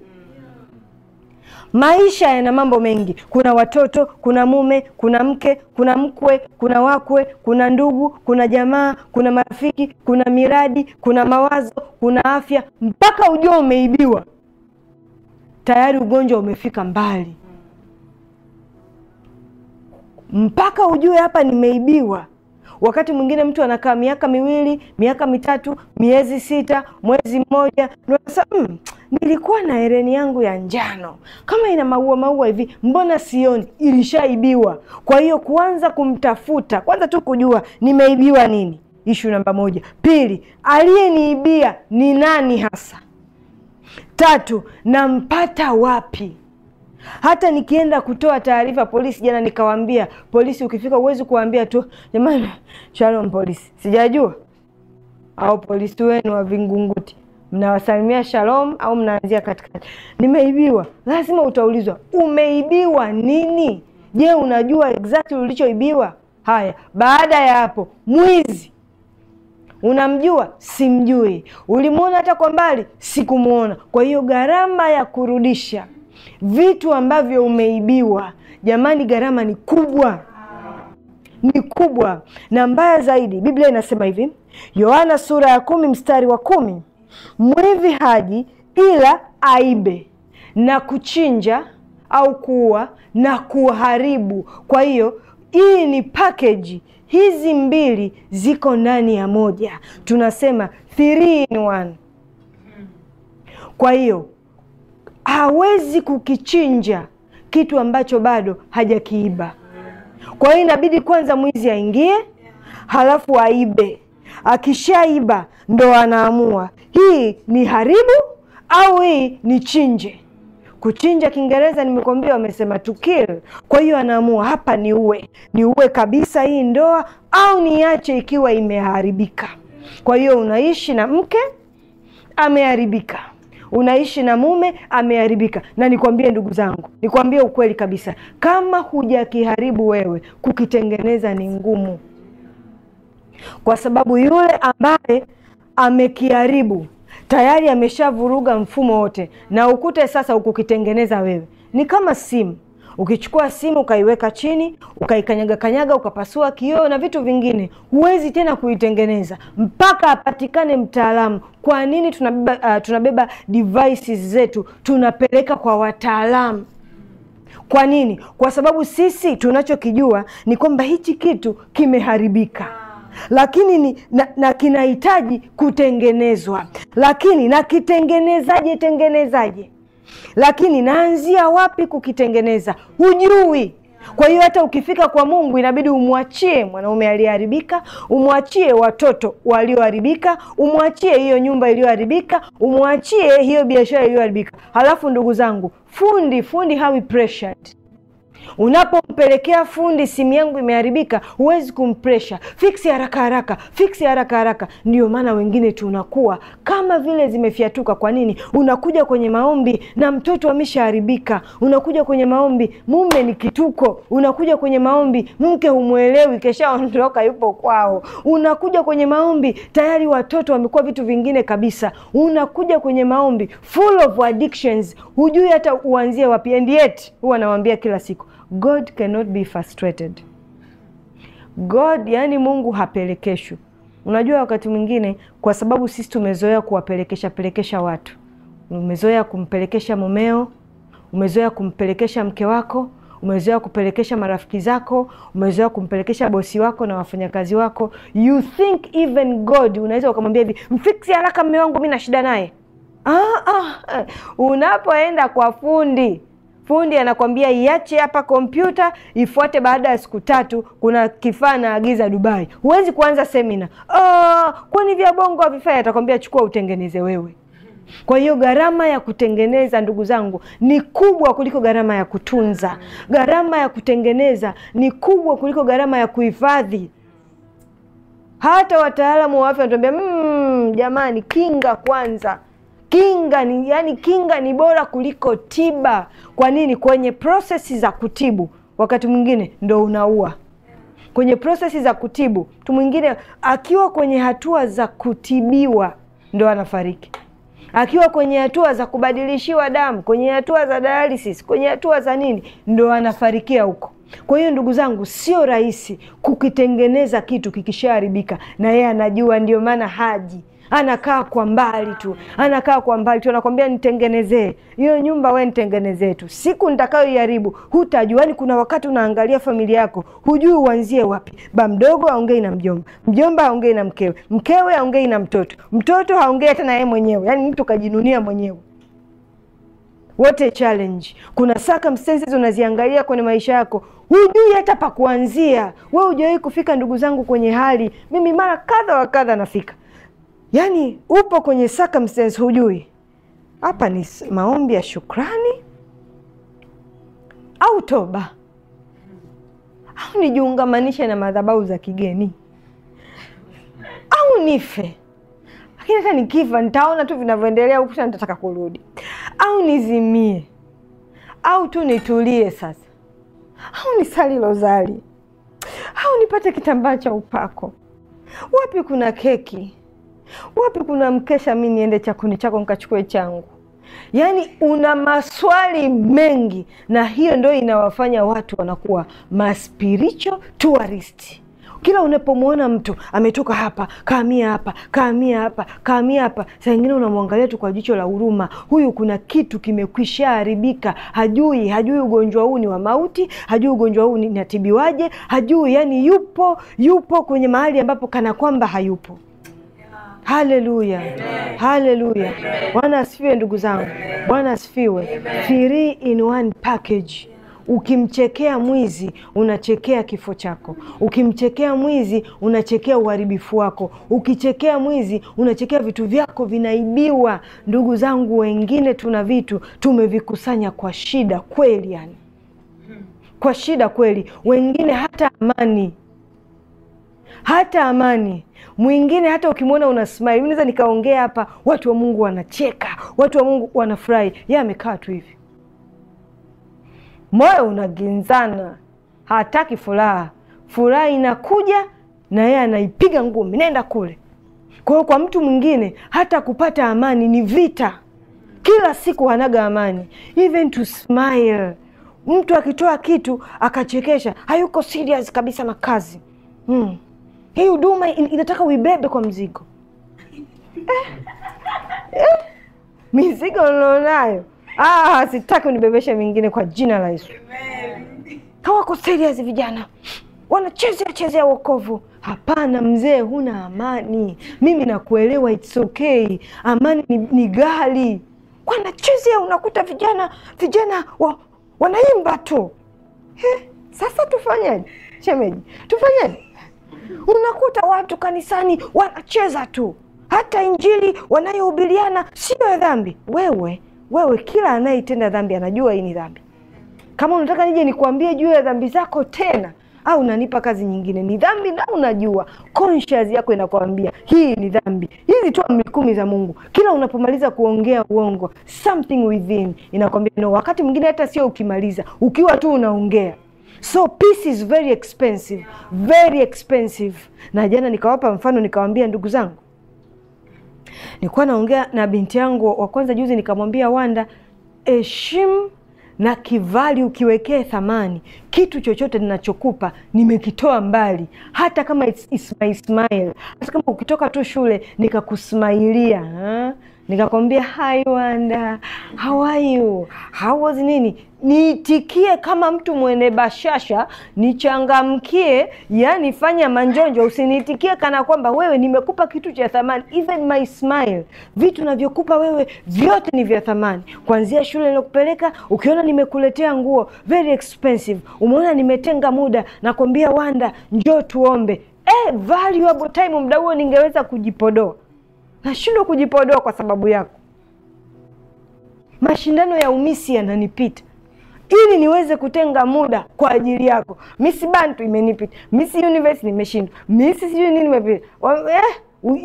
Maisha yana mambo mengi. Kuna watoto, kuna mume, kuna mke, kuna mkwe, kuna wakwe, kuna ndugu, kuna jamaa, kuna marafiki, kuna miradi, kuna mawazo, kuna afya. Mpaka ujue umeibiwa, tayari ugonjwa umefika mbali mpaka ujue hapa nimeibiwa. Wakati mwingine mtu anakaa miaka miwili, miaka mitatu, miezi sita, mwezi mmoja, nasa mm, nilikuwa na hereni yangu ya njano kama ina maua maua hivi, mbona sioni? Ilishaibiwa. Kwa hiyo kuanza kumtafuta, kwanza tu kujua nimeibiwa nini, ishu namba moja. Pili, aliyeniibia ni nani hasa? Tatu, nampata wapi? Hata nikienda kutoa taarifa polisi, jana nikawaambia polisi, ukifika huwezi kuambia tu jamani, shalom polisi, sijajua au polisi wenu wa Vingunguti mnawasalimia shalom au mnaanzia katikati, nimeibiwa. Lazima utaulizwa umeibiwa nini? Je, unajua exactly ulichoibiwa? Haya, baada ya hapo, mwizi unamjua? Simjui. Ulimwona hata kwa mbali? Sikumwona. Kwa hiyo gharama ya kurudisha vitu ambavyo umeibiwa. Jamani, gharama ni kubwa, ni kubwa. Na mbaya zaidi, Biblia inasema hivi, Yohana sura ya kumi mstari wa kumi mwivi haji ila aibe na kuchinja au kuua na kuharibu. Kwa hiyo hii ni pakeji hizi mbili ziko ndani ya moja, tunasema 3 in Kwa hiyo hawezi kukichinja kitu ambacho bado hajakiiba. Kwa hiyo inabidi kwanza mwizi aingie, halafu aibe. Akishaiba ndo anaamua hii ni haribu au hii ni chinje. Kuchinja Kiingereza nimekuambia wamesema to kill. Kwa hiyo anaamua hapa ni uwe ni uwe kabisa hii ndoa au niache ikiwa imeharibika. Kwa hiyo unaishi na mke ameharibika unaishi na mume ameharibika. Na nikwambie ndugu zangu, nikwambie ukweli kabisa, kama hujakiharibu wewe, kukitengeneza ni ngumu, kwa sababu yule ambaye amekiharibu tayari ameshavuruga mfumo wote, na ukute sasa ukukitengeneza wewe ni kama simu Ukichukua simu ukaiweka chini ukaikanyaga kanyaga ukapasua kioo na vitu vingine, huwezi tena kuitengeneza mpaka apatikane mtaalamu. Kwa nini tunabeba, uh, tunabeba devices zetu tunapeleka kwa wataalamu? Kwa nini? Kwa sababu sisi tunachokijua ni kwamba hichi kitu kimeharibika lakini ni, na, na kinahitaji kutengenezwa, lakini nakitengenezaje Tengenezaje? lakini naanzia wapi kukitengeneza hujui. Kwa hiyo hata ukifika kwa Mungu inabidi umwachie mwanaume aliyeharibika, umwachie watoto walioharibika, umwachie hiyo nyumba iliyoharibika, umwachie hiyo biashara iliyoharibika. Halafu ndugu zangu, fundi fundi hawi pressured Unapompelekea fundi simu yangu imeharibika, huwezi kumpresha fiksi haraka haraka, fiksi haraka haraka. Ndio maana wengine tunakuwa kama vile zimefyatuka. Kwa nini? Unakuja kwenye maombi na mtoto ameshaharibika, unakuja kwenye maombi mume ni kituko, unakuja kwenye maombi mke humwelewi, keshaondoka, yupo kwao. Unakuja kwenye maombi tayari watoto wamekuwa vitu vingine kabisa. Unakuja kwenye maombi full of addictions, hujui hata uanzie wapi. And yet huwa nawambia kila siku God cannot be frustrated. God, yani Mungu hapelekeshwi. Unajua wakati mwingine kwa sababu sisi tumezoea kuwapelekesha pelekesha watu. Umezoea kumpelekesha mumeo, umezoea kumpelekesha mke wako, umezoea kupelekesha marafiki zako, umezoea kumpelekesha bosi wako na wafanyakazi wako. You think even God unaweza ukamwambia hivi, mfiksi haraka mme wangu, mi na shida naye. Ah, ah, eh. unapoenda kwa fundi fundi anakwambia iache hapa kompyuta ifuate baada ya siku tatu, kuna kifaa naagiza Dubai. Huwezi kuanza semina, oh, kwani vya bongo vifaa Atakwambia chukua utengeneze wewe. Kwa hiyo gharama ya kutengeneza ndugu zangu ni kubwa kuliko gharama ya kutunza. Gharama ya kutengeneza ni kubwa kuliko gharama ya kuhifadhi. Hata wataalamu wa afya wanatuambia mmm, jamani, kinga kwanza kinga ni yani, kinga ni bora kuliko tiba. Kwa nini? Kwenye prosesi za kutibu wakati mwingine ndo unaua. Kwenye prosesi za kutibu, mtu mwingine akiwa kwenye hatua za kutibiwa ndo anafariki, akiwa kwenye hatua za kubadilishiwa damu, kwenye hatua za dialysis, kwenye hatua za nini, ndo anafarikia huko. Kwa hiyo ndugu zangu, sio rahisi kukitengeneza kitu kikishaharibika, na yeye anajua, ndio maana haji anakaa kwa mbali tu, anakaa kwa mbali tu, anakwambia nitengenezee hiyo nyumba, we nitengenezee tu. Siku nitakayoiharibu hutajua. Yani kuna wakati unaangalia familia yako, hujui uanzie wapi. Ba mdogo aongei na mjomba, mjomba aongei na mkewe, mkewe aongei na mtoto, mtoto haongei hata na yeye mwenyewe. Yani mtu kajinunia mwenyewe. What a challenge! Kuna circumstances unaziangalia kwenye maisha yako, hujui hata pa kuanzia. Wewe hujawahi kufika, ndugu zangu, kwenye hali mimi mara kadha wa kadha nafika Yaani upo kwenye circumstance hujui. Hapa ni maombi ya shukrani au toba au nijiungamanishe na madhabau za kigeni au nife, lakini hata nikifa nitaona tu vinavyoendelea huku, nitataka kurudi au nizimie au tu nitulie sasa, au nisali lozali au nipate kitambaa cha upako. Wapi kuna keki? Wapi kuna mkesha mi niende chakuni chako nikachukue changu? Yaani una maswali mengi, na hiyo ndio inawafanya watu wanakuwa maspiritual tourist. Kila unapomwona mtu ametoka hapa kaamia hapa kaamia hapa kaamia hapa, saa ingine unamwangalia tu kwa jicho la huruma. Huyu kuna kitu kimekwisha haribika, hajui hajui ugonjwa huu ni wa mauti, hajui ugonjwa huu ni natibiwaje, hajui. Yani yupo yupo kwenye mahali ambapo kana kwamba hayupo. Haleluya, haleluya! Bwana asifiwe, ndugu zangu. Bwana asifiwe. package. Ukimchekea mwizi unachekea kifo chako. Ukimchekea mwizi unachekea uharibifu wako. Ukichekea mwizi unachekea vitu vyako vinaibiwa. Ndugu zangu, wengine tuna vitu tumevikusanya kwa shida kweli, yani kwa shida kweli, wengine hata amani, hata amani mwingine hata ukimwona una smile. naweza nikaongea hapa, watu wa Mungu wanacheka, watu wa Mungu wanafurahi, yeye amekaa tu hivi, moyo unaginzana, hataki furaha. Furaha inakuja na yeye anaipiga ngumi, nenda kule. Kwa hiyo kwa mtu mwingine hata kupata amani ni vita, kila siku hanaga amani, even to smile Mtu akitoa kitu akachekesha, hayuko serious kabisa na kazi mm. Hii huduma inataka uibebe kwa mzigo eh, eh, mizigo ulionayo. Ah, sitaki unibebeshe mingine kwa jina la Yesu. Hawako serious vijana, wanachezea chezea wokovu. Hapana mzee, huna amani. Mimi nakuelewa, it's okay. Amani ni, ni ghali. Wanachezea, unakuta vijana vijana wa, wanaimba tu eh, sasa tufanyaje shemeji, tufanyaje? Unakuta watu kanisani wanacheza tu, hata injili wanayohubiriana sio ya dhambi. Wewe wewe, kila anayetenda dhambi anajua hii ni dhambi. Kama unataka nije nikuambie juu ya dhambi zako tena au unanipa kazi nyingine, ni dhambi na unajua conscience yako inakwambia hii ni dhambi. Hizi tu amri kumi za Mungu, kila unapomaliza kuongea uongo something within inakwambia no. Wakati mwingine hata sio ukimaliza, ukiwa tu unaongea So peace is very expensive, very expensive. Na jana nikawapa mfano, nikawambia ndugu zangu, nilikuwa naongea na binti yangu wa kwanza juzi, nikamwambia Wanda, heshimu na kivali ukiwekee thamani kitu chochote ninachokupa nimekitoa mbali, hata kama it's, it's my smile, hata kama ukitoka tu shule nikakusmailia nikakwambia hi Wanda, how are you, how was nini, niitikie kama mtu mwene bashasha, nichangamkie, yani fanya manjonjo, usiniitikie kana kwamba wewe nimekupa kitu cha thamani. Even my smile, vitu navyokupa wewe vyote ni vya thamani, kuanzia shule nilokupeleka. Ukiona nimekuletea nguo very expensive, umeona nimetenga muda, nakwambia Wanda, njoo tuombe. Eh, valuable time, muda huo ningeweza kujipodoa nashindwa kujipodoa kwa sababu yako. Mashindano ya umisi yananipita ili niweze kutenga muda kwa ajili yako. Misi Bantu imenipita, misi Universe nimeshindwa, misi sijui nini imepita eh,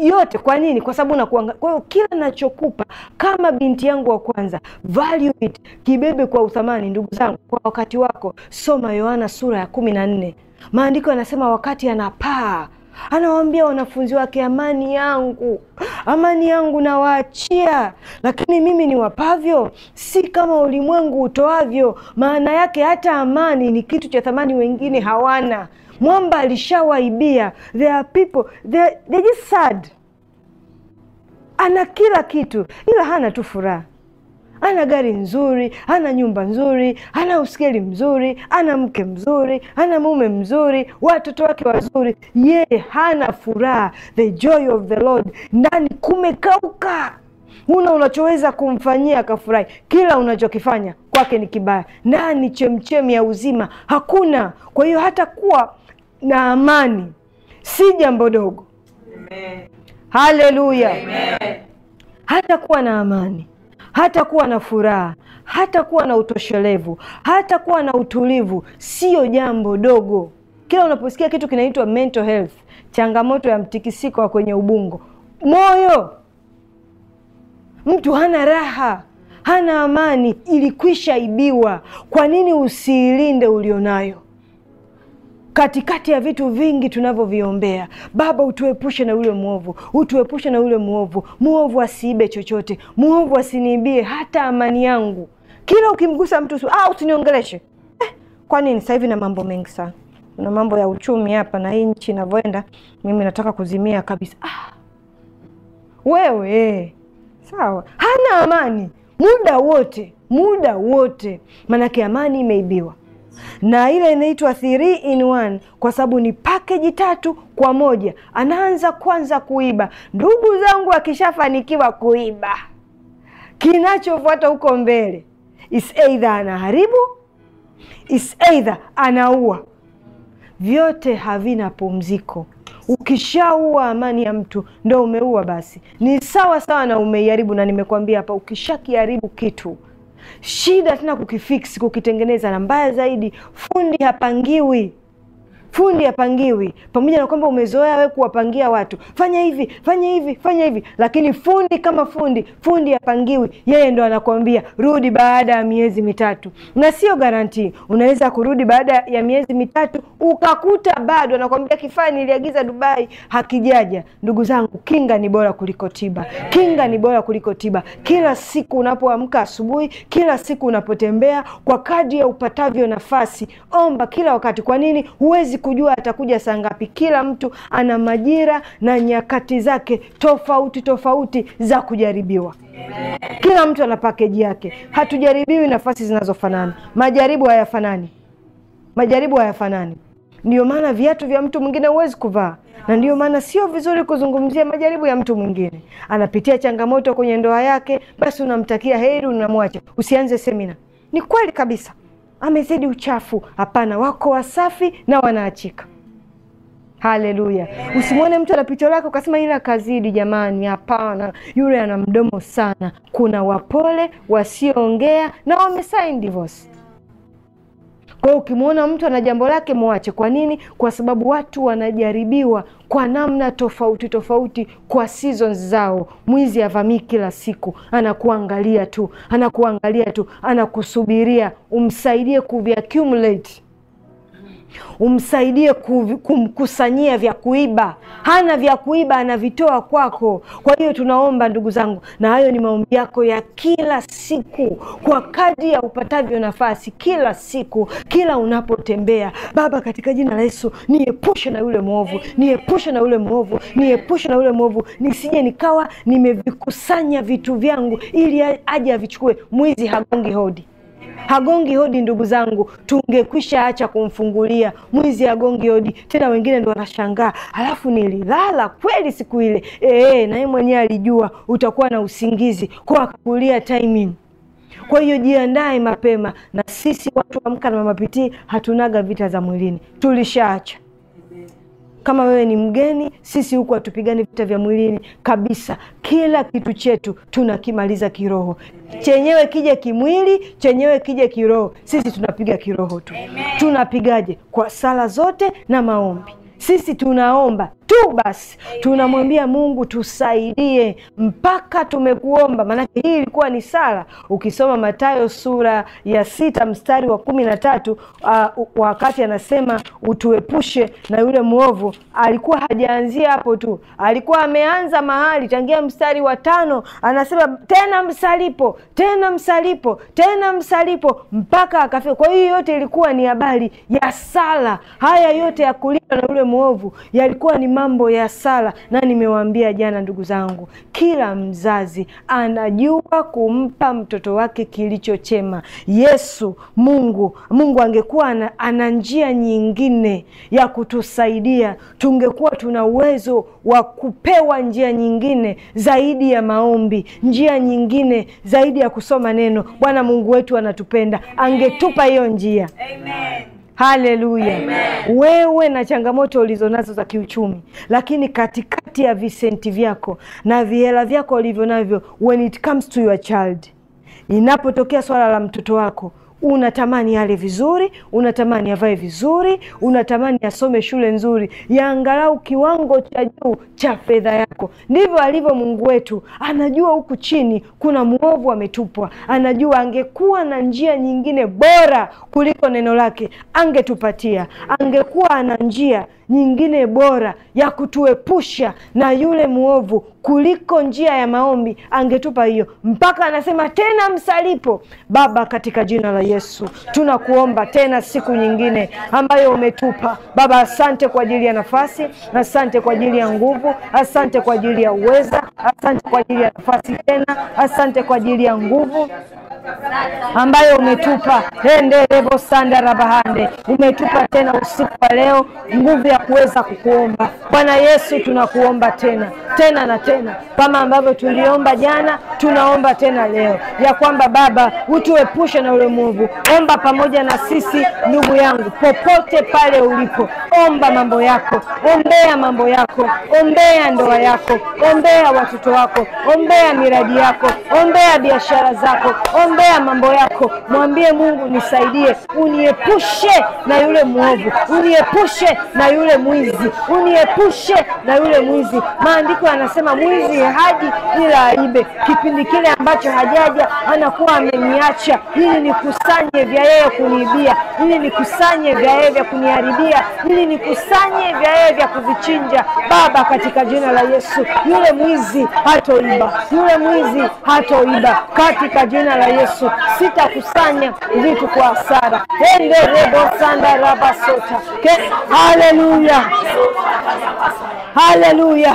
yote kwa nini? Kwa sababu nakuanga. Kwa hiyo kila nachokupa kama binti yangu wa kwanza, value it, kibebe kwa uthamani. Ndugu zangu, kwa wakati wako, soma Yohana sura ya kumi na nne. Maandiko yanasema wakati anapaa Anawaambia wanafunzi wake, amani yangu, amani yangu nawaachia, lakini mimi niwapavyo si kama ulimwengu utoavyo. Maana yake hata amani ni kitu cha thamani, wengine hawana. Mwamba alishawaibia. There are people they, they just sad. Ana kila kitu ila hana tu furaha ana gari nzuri, ana nyumba nzuri, ana uskeli mzuri, ana mke mzuri, ana mume mzuri, watoto wake wazuri, yeye hana furaha. The joy of the Lord ndani kumekauka. una unachoweza kumfanyia akafurahi. Kila unachokifanya kwake ni kibaya. Ndani chemchemi ya uzima hakuna. Kwa hiyo hata kuwa na amani si jambo dogo. Haleluya! hata kuwa na amani hata kuwa na furaha, hata kuwa na utoshelevu, hata kuwa na utulivu siyo jambo dogo. Kila unaposikia kitu kinaitwa mental health, changamoto ya mtikisiko wa kwenye ubongo, moyo, mtu hana raha, hana amani, ilikwisha ibiwa. Kwa nini usiilinde ulionayo? katikati ya vitu vingi tunavyoviombea. Baba, utuepushe na yule mwovu, utuepushe na yule mwovu. Mwovu asiibe chochote, mwovu asiniibie hata amani yangu. Kila ukimgusa mtu ah, usiniongeleshe eh. Kwa nini sasa hivi na mambo mengi sana, na mambo ya uchumi hapa na hii nchi inavyoenda, mimi nataka kuzimia kabisa. Ah, wewe sawa, hana amani muda wote, muda wote, maanake amani imeibiwa na ile inaitwa 3 in 1 kwa sababu ni pakeji tatu kwa moja. Anaanza kwanza kuiba. Ndugu zangu, akishafanikiwa kuiba, kinachofuata huko mbele is either anaharibu, is either anaua. Vyote havina pumziko. Ukishaua amani ya mtu ndo umeua, basi ni sawa sawa na umeiharibu. Na nimekwambia hapa, ukishakiharibu kitu Shida tena kukifiksi, kukitengeneza, na mbaya zaidi fundi hapangiwi fundi apangiwi, pamoja na kwamba umezoea wewe kuwapangia watu, fanya hivi fanya hivi fanya hivi, lakini fundi kama fundi, fundi apangiwi, yeye ndo anakuambia rudi baada ya miezi mitatu, na sio garanti Unaweza kurudi baada ya miezi mitatu ukakuta bado anakuambia kifaa niliagiza Dubai hakijaja. Ndugu zangu, kinga ni bora kuliko tiba, kinga ni bora kuliko tiba. Kila siku unapoamka asubuhi, kila siku unapotembea, kwa kadri ya upatavyo nafasi, omba kila wakati. Kwa nini huwezi kujua atakuja saa ngapi. Kila mtu ana majira na nyakati zake tofauti tofauti za kujaribiwa. Kila mtu ana pakeji yake. Hatujaribiwi nafasi zinazofanana, majaribu hayafanani, majaribu hayafanani. ndio maana viatu vya mtu mwingine huwezi kuvaa, na ndio maana sio vizuri kuzungumzia majaribu ya mtu mwingine. Anapitia changamoto kwenye ndoa yake, basi unamtakia heri, unamwacha. Usianze semina. Ni kweli kabisa amezidi uchafu. Hapana, wako wasafi na wanaachika. Haleluya! Usimwone mtu ana picha lake ukasema ila kazidi Jamani, hapana, yule ana mdomo sana. Kuna wapole wasioongea na wamesaini divorce kwa hiyo ukimwona mtu ana jambo lake mwache. Kwa nini? Kwa sababu watu wanajaribiwa kwa namna tofauti tofauti kwa seasons zao. Mwizi avamii kila siku, anakuangalia tu, anakuangalia tu, anakusubiria umsaidie kuviaccumulate umsaidie kumkusanyia vya kuiba. Hana vya kuiba, anavitoa kwako. Kwa hiyo tunaomba ndugu zangu, na hayo ni maombi yako ya kila siku, kwa kadri ya upatavyo nafasi, kila siku, kila unapotembea. Baba, katika jina la Yesu, niepushe na yule mwovu, niepushe na yule mwovu, niepushe na yule mwovu, nisije nikawa nimevikusanya vitu vyangu ili aje avichukue. Mwizi hagongi hodi. Hagongi hodi, ndugu zangu, tungekwisha acha kumfungulia mwizi. Hagongi hodi tena, wengine ndo wanashangaa. alafu nililala kweli siku ile na yeye mwenyewe alijua utakuwa na usingizi kwa akakulia timing. Kwa hiyo jiandae mapema, na sisi watu wa Amka na mamapitii hatunaga vita za mwilini, tulishaacha. Kama wewe ni mgeni, sisi huku hatupigani vita vya mwilini kabisa. Kila kitu chetu tunakimaliza kiroho. Chenyewe kija kimwili, chenyewe kija kiroho, sisi tunapiga kiroho tu. Tunapigaje? Kwa sala zote na maombi. Sisi tunaomba tu basi tunamwambia Mungu tusaidie mpaka tumekuomba. Maanake hii ilikuwa ni sala. Ukisoma Mathayo sura ya sita mstari wa kumi na tatu uh, wakati anasema utuepushe na yule mwovu, alikuwa hajaanzia hapo tu, alikuwa ameanza mahali tangia mstari wa tano, anasema tena msalipo, tena msalipo, tena msalipo mpaka akafika. Kwa hiyo yote ilikuwa ni habari ya sala. Haya yote ya kulia na yule mwovu yalikuwa ni mambo ya sala, na nimewaambia jana, ndugu zangu, kila mzazi anajua kumpa mtoto wake kilicho chema. Yesu Mungu, Mungu angekuwa ana njia nyingine ya kutusaidia, tungekuwa tuna uwezo wa kupewa njia nyingine zaidi ya maombi, njia nyingine zaidi ya kusoma neno. Bwana Mungu wetu anatupenda, angetupa hiyo njia Amen. Haleluya! Wewe na changamoto ulizonazo za kiuchumi, lakini katikati ya visenti vyako na vihela vyako ulivyo navyo, when it comes to your child, inapotokea swala la mtoto wako unatamani ale vizuri, unatamani avae vizuri, unatamani asome shule nzuri ya angalau kiwango cha juu cha fedha yako. Ndivyo alivyo Mungu wetu, anajua huku chini kuna mwovu ametupwa, anajua angekuwa na njia nyingine bora kuliko neno lake angetupatia, angekuwa ana njia nyingine bora ya kutuepusha na yule mwovu kuliko njia ya maombi angetupa hiyo. Mpaka anasema tena msalipo. Baba, katika jina la Yesu tunakuomba tena siku nyingine ambayo umetupa Baba. Asante kwa ajili ya nafasi, asante kwa ajili ya nguvu, asante kwa ajili ya uweza, asante kwa ajili ya nafasi tena, asante kwa ajili ya nguvu ambayo umetupa enderevo sanda rabahande, umetupa tena usiku wa leo nguvu ya ya kuweza kukuomba. Bwana Yesu, tunakuomba tena tena na tena, kama ambavyo tuliomba jana, tunaomba tena leo, ya kwamba Baba utuepushe na ule mwovu. Omba pamoja na sisi, ndugu yangu, popote pale ulipo, omba mambo yako, ombea mambo yako, ombea ndoa yako, ombea watoto wako, ombea miradi yako, ombea biashara zako, ombea mambo yako. Mwambie Mungu, nisaidie, uniepushe na yule mwovu, uniepushe na yule yule mwizi, uniepushe na yule mwizi. Maandiko yanasema mwizi haji ila aibe. Kipindi kile ambacho hajaja anakuwa ameniacha, ili nikusanye vya yeye kuniibia, ili nikusanye vya yeye vya kuniharibia, ili nikusanye vya yeye vya kuvichinja. Baba, katika jina la Yesu, yule mwizi hatoiba, yule mwizi hatoiba katika jina la Yesu. Sitakusanya vitu kwa hasara. enderebo sandarabasota. Haleluya. Hallelujah. Hallelujah.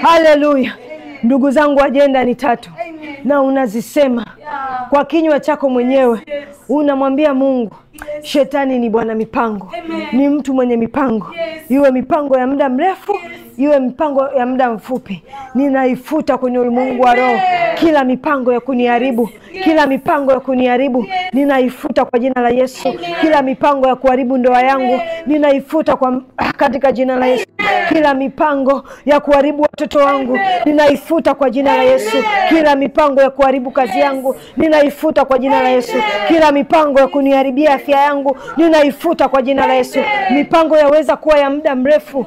Hallelujah. Ndugu zangu, ajenda ni tatu Amen. Na unazisema yeah. Kwa kinywa chako mwenyewe yes, yes. Unamwambia Mungu yes. Shetani ni bwana mipango Amen. Ni mtu mwenye mipango yes. Iwe mipango ya muda mrefu yes. Iwe mipango ya muda mfupi yeah. Ninaifuta kwenye ulimwengu wa roho kila mipango ya kuniharibu yes. Kila mipango ya kuniharibu yes. Ninaifuta kwa jina la Yesu Amen. Kila mipango ya kuharibu ndoa yangu Ninaifuta kwa katika jina la Yesu kila mipango ya kuharibu watoto wangu ninaifuta kwa jina la Yesu. Kila mipango ya kuharibu kazi yangu ninaifuta kwa jina la Yesu. Kila mipango ya kuniharibia afya yangu ninaifuta kwa jina la Yesu. Mipango yaweza kuwa ya muda mrefu,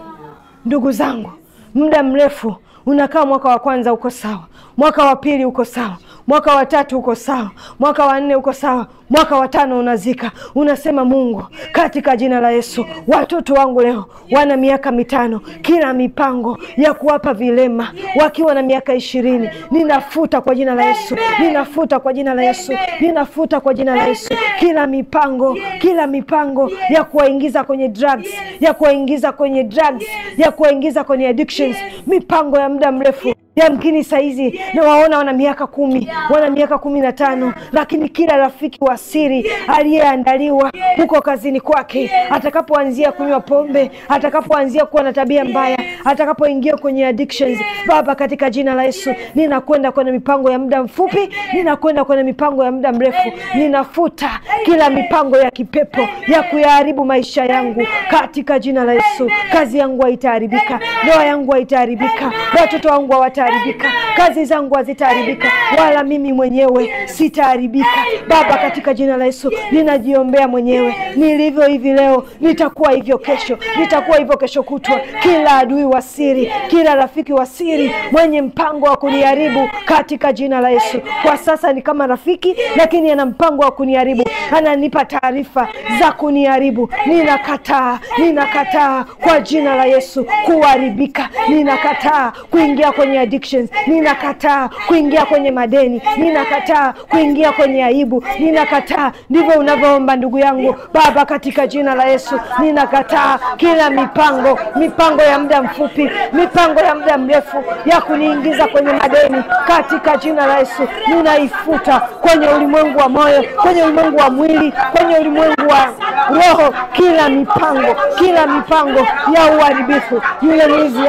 ndugu zangu, muda mrefu. Unakaa mwaka wa kwanza uko sawa, mwaka wa pili uko sawa, mwaka wa tatu uko sawa, mwaka wa nne uko sawa, mwaka wa tano unazika. Unasema, Mungu, katika jina la Yesu, watoto wangu leo wana miaka mitano, kila mipango ya kuwapa vilema wakiwa na miaka ishirini ninafuta kwa jina la Yesu, ninafuta kwa jina la Yesu, ninafuta kwa jina la Yesu, kila mipango, kila mipango ya kuwaingiza kwenye drugs, ya kuwaingiza kwenye drugs, ya kuwaingiza kwenye addictions, mipango ya muda mrefu yamkini saizi yes. nawaona wana miaka kumi yeah. wana miaka kumi na tano yeah. lakini kila rafiki wa siri yes. aliyeandaliwa yes. huko kazini kwake yes. atakapoanzia kunywa pombe, atakapoanzia kuwa na tabia mbaya, atakapoingia kwenye addictions Baba, katika jina la Yesu yes. ninakwenda kwenye mipango ya muda mfupi yes. ninakwenda kwenye mipango ya muda mrefu yes. ninafuta kila mipango ya kipepo ya kuyaharibu maisha yangu katika jina la Yesu kazi yangu haitaharibika, ndoa yangu haitaharibika, watoto wangu hazitaharibika, kazi zangu hazitaharibika, wala mimi mwenyewe sitaharibika. Baba, katika jina la Yesu ninajiombea mwenyewe, nilivyo hivi leo nitakuwa hivyo kesho, nitakuwa hivyo kesho kutwa. Kila adui wa siri, kila rafiki wa siri mwenye mpango wa kuniharibu, katika jina la Yesu, kwa sasa ni kama rafiki, lakini ana mpango wa kuniharibu, ananipa taarifa za kuniharibu. Ninakataa, ninakataa kwa jina la Yesu kuharibika, ninakataa kuingia kwenye addictions, ninakataa kuingia kwenye madeni, ninakataa kuingia kwenye aibu, ninakataa. Ndivyo unavyoomba ndugu yangu. Baba, katika jina la Yesu, ninakataa kila mipango, mipango ya muda mfupi, mipango ya muda mrefu ya kuniingiza kwenye madeni. Katika jina la Yesu ninaifuta kwenye ulimwengu wa moyo, kwenye ulimwengu wa mwili, kwenye ulimwengu wa roho, kila mipango, kila mipango ya uharibifu. Yule mwizi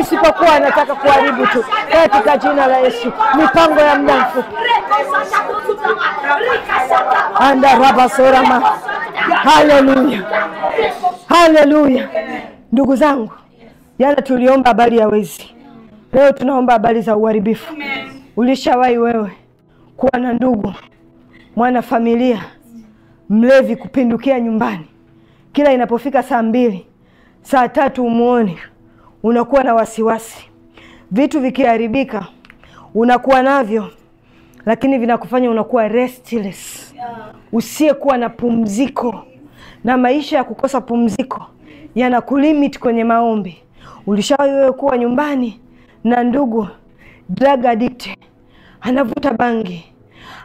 isipokuwa anataka kuharibu tu. Yesu, katika jina la Yesu, mipango ya muda mfupi andarabasorama. Haleluya, haleluya. Ndugu zangu, jana tuliomba habari ya wezi, leo tunaomba habari za uharibifu. Ulishawahi wewe kuwa na ndugu mwanafamilia mlevi kupindukia nyumbani, kila inapofika saa mbili saa tatu umuone, unakuwa na wasiwasi Vitu vikiharibika unakuwa navyo, lakini vinakufanya unakuwa restless, usiyekuwa na pumziko, na maisha ya kukosa pumziko yana kulimit kwenye maombi. Ulishawahi wewe kuwa nyumbani na ndugu drug addict, anavuta bangi,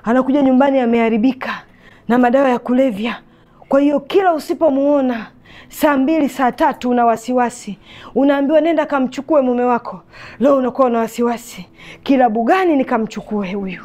anakuja nyumbani ameharibika na madawa ya kulevya. Kwa hiyo kila usipomuona saa mbili saa tatu una wasiwasi, unaambiwa nenda kamchukue mume wako. Leo unakuwa una wasiwasi, kilabu gani nikamchukue huyu,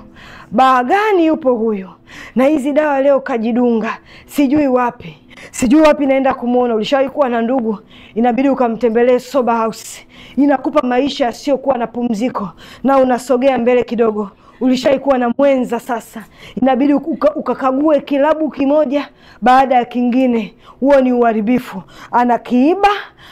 baa gani yupo huyu, na hizi dawa leo kajidunga sijui wapi sijui wapi naenda kumwona. Ulishawahi kuwa na ndugu inabidi ukamtembelee soba house? Inakupa maisha yasiyokuwa na pumziko, na unasogea mbele kidogo ulishaikuwa na mwenza, sasa inabidi uka, ukakague kilabu kimoja baada ya kingine. Huo ni uharibifu, anakiiba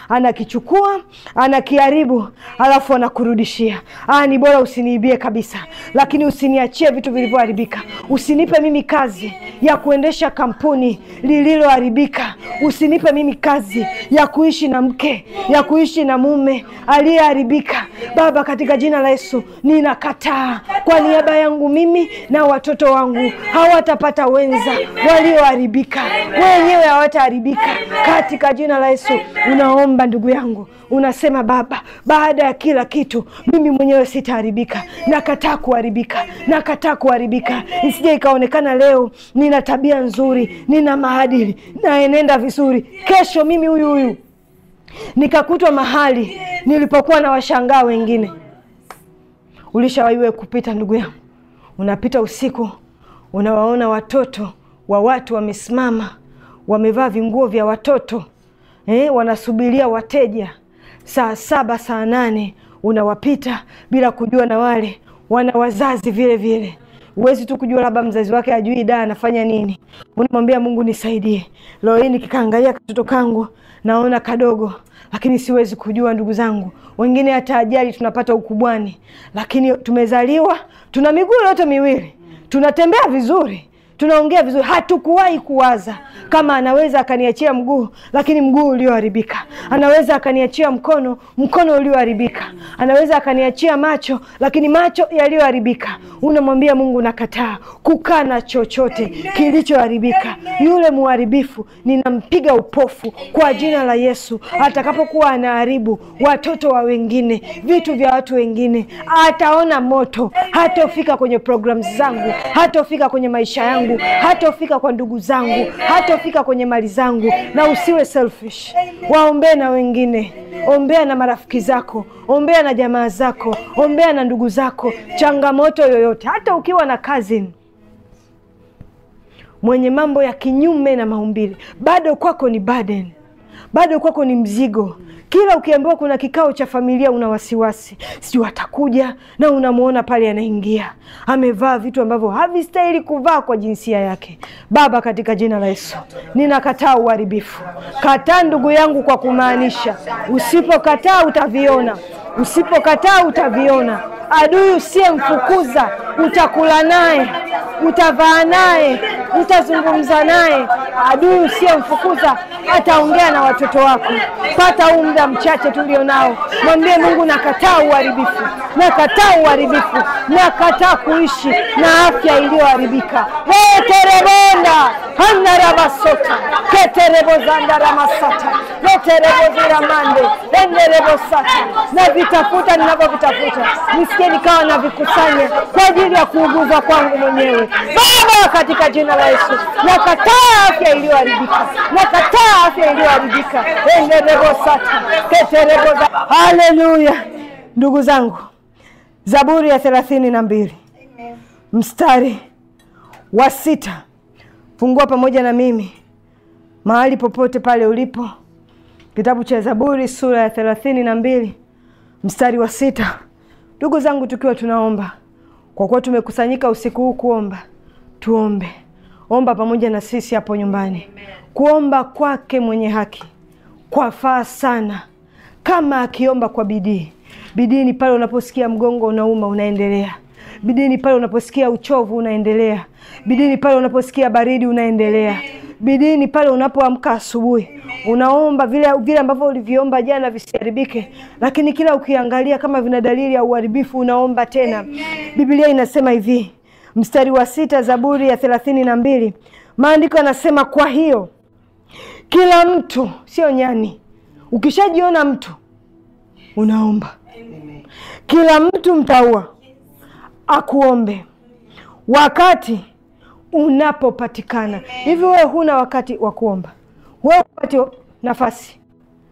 anakichukua anakiharibu, alafu anakurudishia. Ah, ni bora usiniibie kabisa, lakini usiniachie vitu vilivyoharibika. Usinipe mimi kazi ya kuendesha kampuni lililoharibika. Usinipe mimi kazi ya kuishi na mke, ya kuishi na mume aliyeharibika. Baba, katika jina la Yesu ninakataa kwani niaba yangu mimi na watoto wangu hawatapata wenza walioharibika, wenyewe hawataharibika katika jina la Yesu. Unaomba ndugu yangu, unasema Baba, baada ya kila kitu mimi mwenyewe sitaharibika, nakataa kuharibika, nakataa kuharibika. Isije ikaonekana leo nina tabia nzuri, nina maadili, naenenda vizuri, kesho mimi huyu huyu nikakutwa mahali nilipokuwa na washangaa wengine ulishawaiwe kupita ndugu yangu, unapita usiku unawaona watoto wa watu wamesimama, wamevaa vinguo vya watoto eh, wanasubiria wateja saa saba saa nane unawapita bila kujua, na wale wana wazazi vile vile huwezi tu kujua, labda mzazi wake ajui da anafanya nini. Unamwambia Mungu nisaidie, leo hii nikikaangalia katoto kangu naona kadogo lakini siwezi kujua ndugu zangu, wengine hata ajali tunapata ukubwani, lakini tumezaliwa tuna miguu yote miwili, tunatembea vizuri tunaongea vizuri, hatukuwahi kuwaza kama anaweza akaniachia mguu, lakini mguu ulioharibika, anaweza akaniachia mkono, mkono ulioharibika, anaweza akaniachia macho, lakini macho yaliyoharibika. Unamwambia Mungu, nakataa na chochote kilichoharibika. Yule mharibifu ninampiga upofu kwa jina la Yesu, atakapokuwa anaharibu watoto wa wengine, vitu vya watu wengine, ataona moto, hatofika kwenye programu zangu, hatofika kwenye maisha yangu zangu, hatofika kwa ndugu zangu, hatofika kwenye mali zangu. Na usiwe selfish, waombee na wengine, ombea na marafiki zako, ombea na jamaa zako, ombea na ndugu zako, changamoto yoyote, hata ukiwa na cousin mwenye mambo ya kinyume na maumbile, bado kwako ni burden bado kwako ni mzigo. Kila ukiambiwa kuna kikao cha familia una wasiwasi, sijui atakuja, na unamwona pale anaingia amevaa vitu ambavyo havistahili kuvaa kwa jinsia yake. Baba, katika jina la Yesu ninakataa uharibifu. Kataa ndugu yangu kwa kumaanisha, usipokataa utaviona usipokataa utaviona. Adui usiyemfukuza utakula naye, utavaa naye, utazungumza naye. Adui usiyemfukuza ataongea na watoto wako. Pata huu muda mchache tulio nao, mwambie Mungu, nakataa uharibifu, nakataa uharibifu, nakataa kuishi na afya iliyoharibika. weterebonda handarabasota keterebozandaramasata leterebozira mande enderebosata na ninavyovitafuta ninavyovitafuta, nisikie nikawa na vikusanya kwa ajili ya kuuguza kwangu mwenyewe. Baba, katika jina la Yesu, nakataa afya iliyoharibika, nakataa afya iliyoharibika enderebosata ketereboza. Haleluya! Ndugu zangu, Zaburi ya thelathini na mbili mstari wa sita fungua pamoja na mimi mahali popote pale ulipo, kitabu cha Zaburi sura ya thelathini na mbili Mstari wa sita. Ndugu zangu, tukiwa tunaomba, kwa kuwa tumekusanyika usiku huu kuomba, tuombe. Omba pamoja na sisi hapo nyumbani. Kuomba kwake mwenye haki kwa faa sana kama akiomba kwa bidii. Bidii ni pale unaposikia mgongo unauma, unaendelea. Bidii ni pale unaposikia uchovu, unaendelea. Bidii ni pale unaposikia baridi, unaendelea. Bidii ni pale unapoamka asubuhi, unaomba vile vile ambavyo ulivyoomba jana visiharibike, lakini kila ukiangalia kama vina dalili ya uharibifu, unaomba tena. Biblia inasema hivi, mstari wa sita, Zaburi ya thelathini na mbili, maandiko yanasema kwa hiyo kila mtu, sio nyani, ukishajiona mtu unaomba. Kila mtu mtaua akuombe wakati unapopatikana. Hivi wewe huna wakati wa kuomba? Wewe upate nafasi?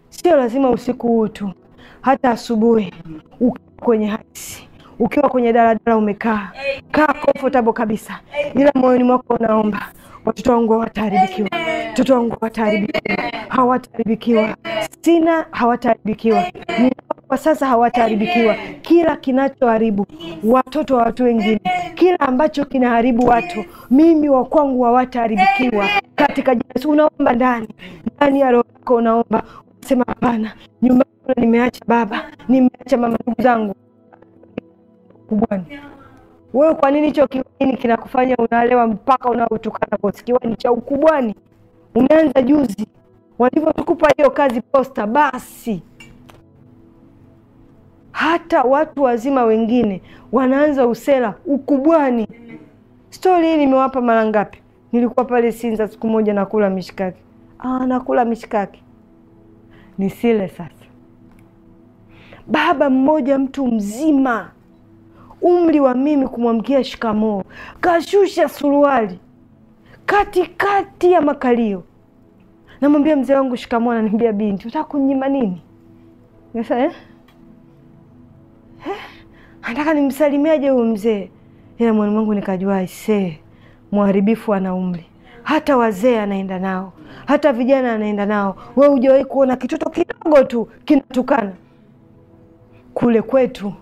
Sio lazima usiku huu tu, hata asubuhi, ukiwa kwenye haisi, ukiwa kwenye daladala, umekaa kaa comfortable kabisa, ila moyoni mwako unaomba watoto wangu hawataharibikiwa, watoto wangu hawataharibikiwa, hawataharibikiwa, sina hawataharibikiwa kwa sasa hawataharibikiwa. Kila kinachoharibu watoto wa watu wengine, kila ambacho kinaharibu watu, mimi wa kwangu hawataharibikiwa katika jina Yesu. Unaomba ndani ndani ya roho yako, unaomba unasema, hapana, nyumbani nimeacha baba, nimeacha mama, ndugu zangu kubwani wewe kwa nini hicho kiwani kinakufanya unalewa mpaka unaotukana bosi? Kiwani cha ukubwani umeanza juzi, walivyotukupa hiyo kazi posta, basi hata watu wazima wengine wanaanza usela ukubwani. Stori hii nimewapa mara ngapi? Nilikuwa pale Sinza siku moja nakula mishikaki. Ah, nakula mishikaki nisile sasa. Baba mmoja mtu mzima umri wa mimi kumwamkia shikamoo. Kashusha suruali katikati ya makalio, namwambia mzee wangu shikamoo, ananiambia binti, unataka kunyima nini? Nasa, eh? Eh? Anataka nimsalimiaje huyu mzee? Ila mwalimu wangu nikajua aisee, mharibifu ana umri hata wazee anaenda nao, hata vijana anaenda nao. We hujawahi kuona kitoto kidogo tu kinatukana kule kwetu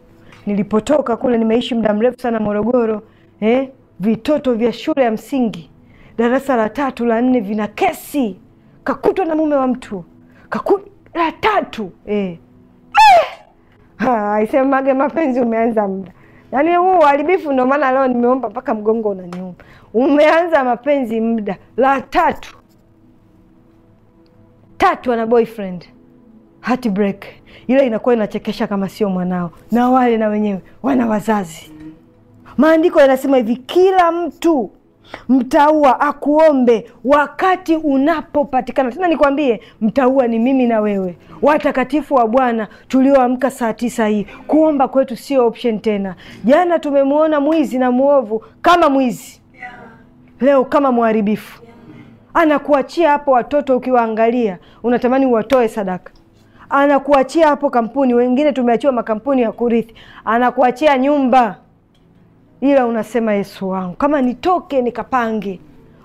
nilipotoka kule, nimeishi muda mrefu sana Morogoro eh, vitoto vya shule ya msingi darasa la tatu la nne vina kesi, kakutwa na mume wa mtu kaku la tatu eh. eh! Aisemage mapenzi umeanza muda, yaani huu uharibifu. Ndio maana leo nimeomba mpaka mgongo unaniuma. Umeanza mapenzi muda la tatu tatu, ana boyfriend heartbreak ile inakuwa inachekesha kama sio mwanao, na wale na wenyewe wana wazazi. Maandiko yanasema hivi, kila mtu mtaua akuombe wakati unapopatikana. Tena nikwambie, mtaua ni mimi na wewe, watakatifu wa Bwana tulioamka saa tisa hii. Kuomba kwetu sio option tena. Jana tumemwona mwizi na mwovu kama mwizi, leo kama mharibifu. Anakuachia hapo watoto, ukiwaangalia unatamani uwatoe sadaka anakuachia hapo kampuni. Wengine tumeachiwa makampuni ya kurithi, anakuachia nyumba, ila unasema Yesu wangu, kama nitoke nikapange.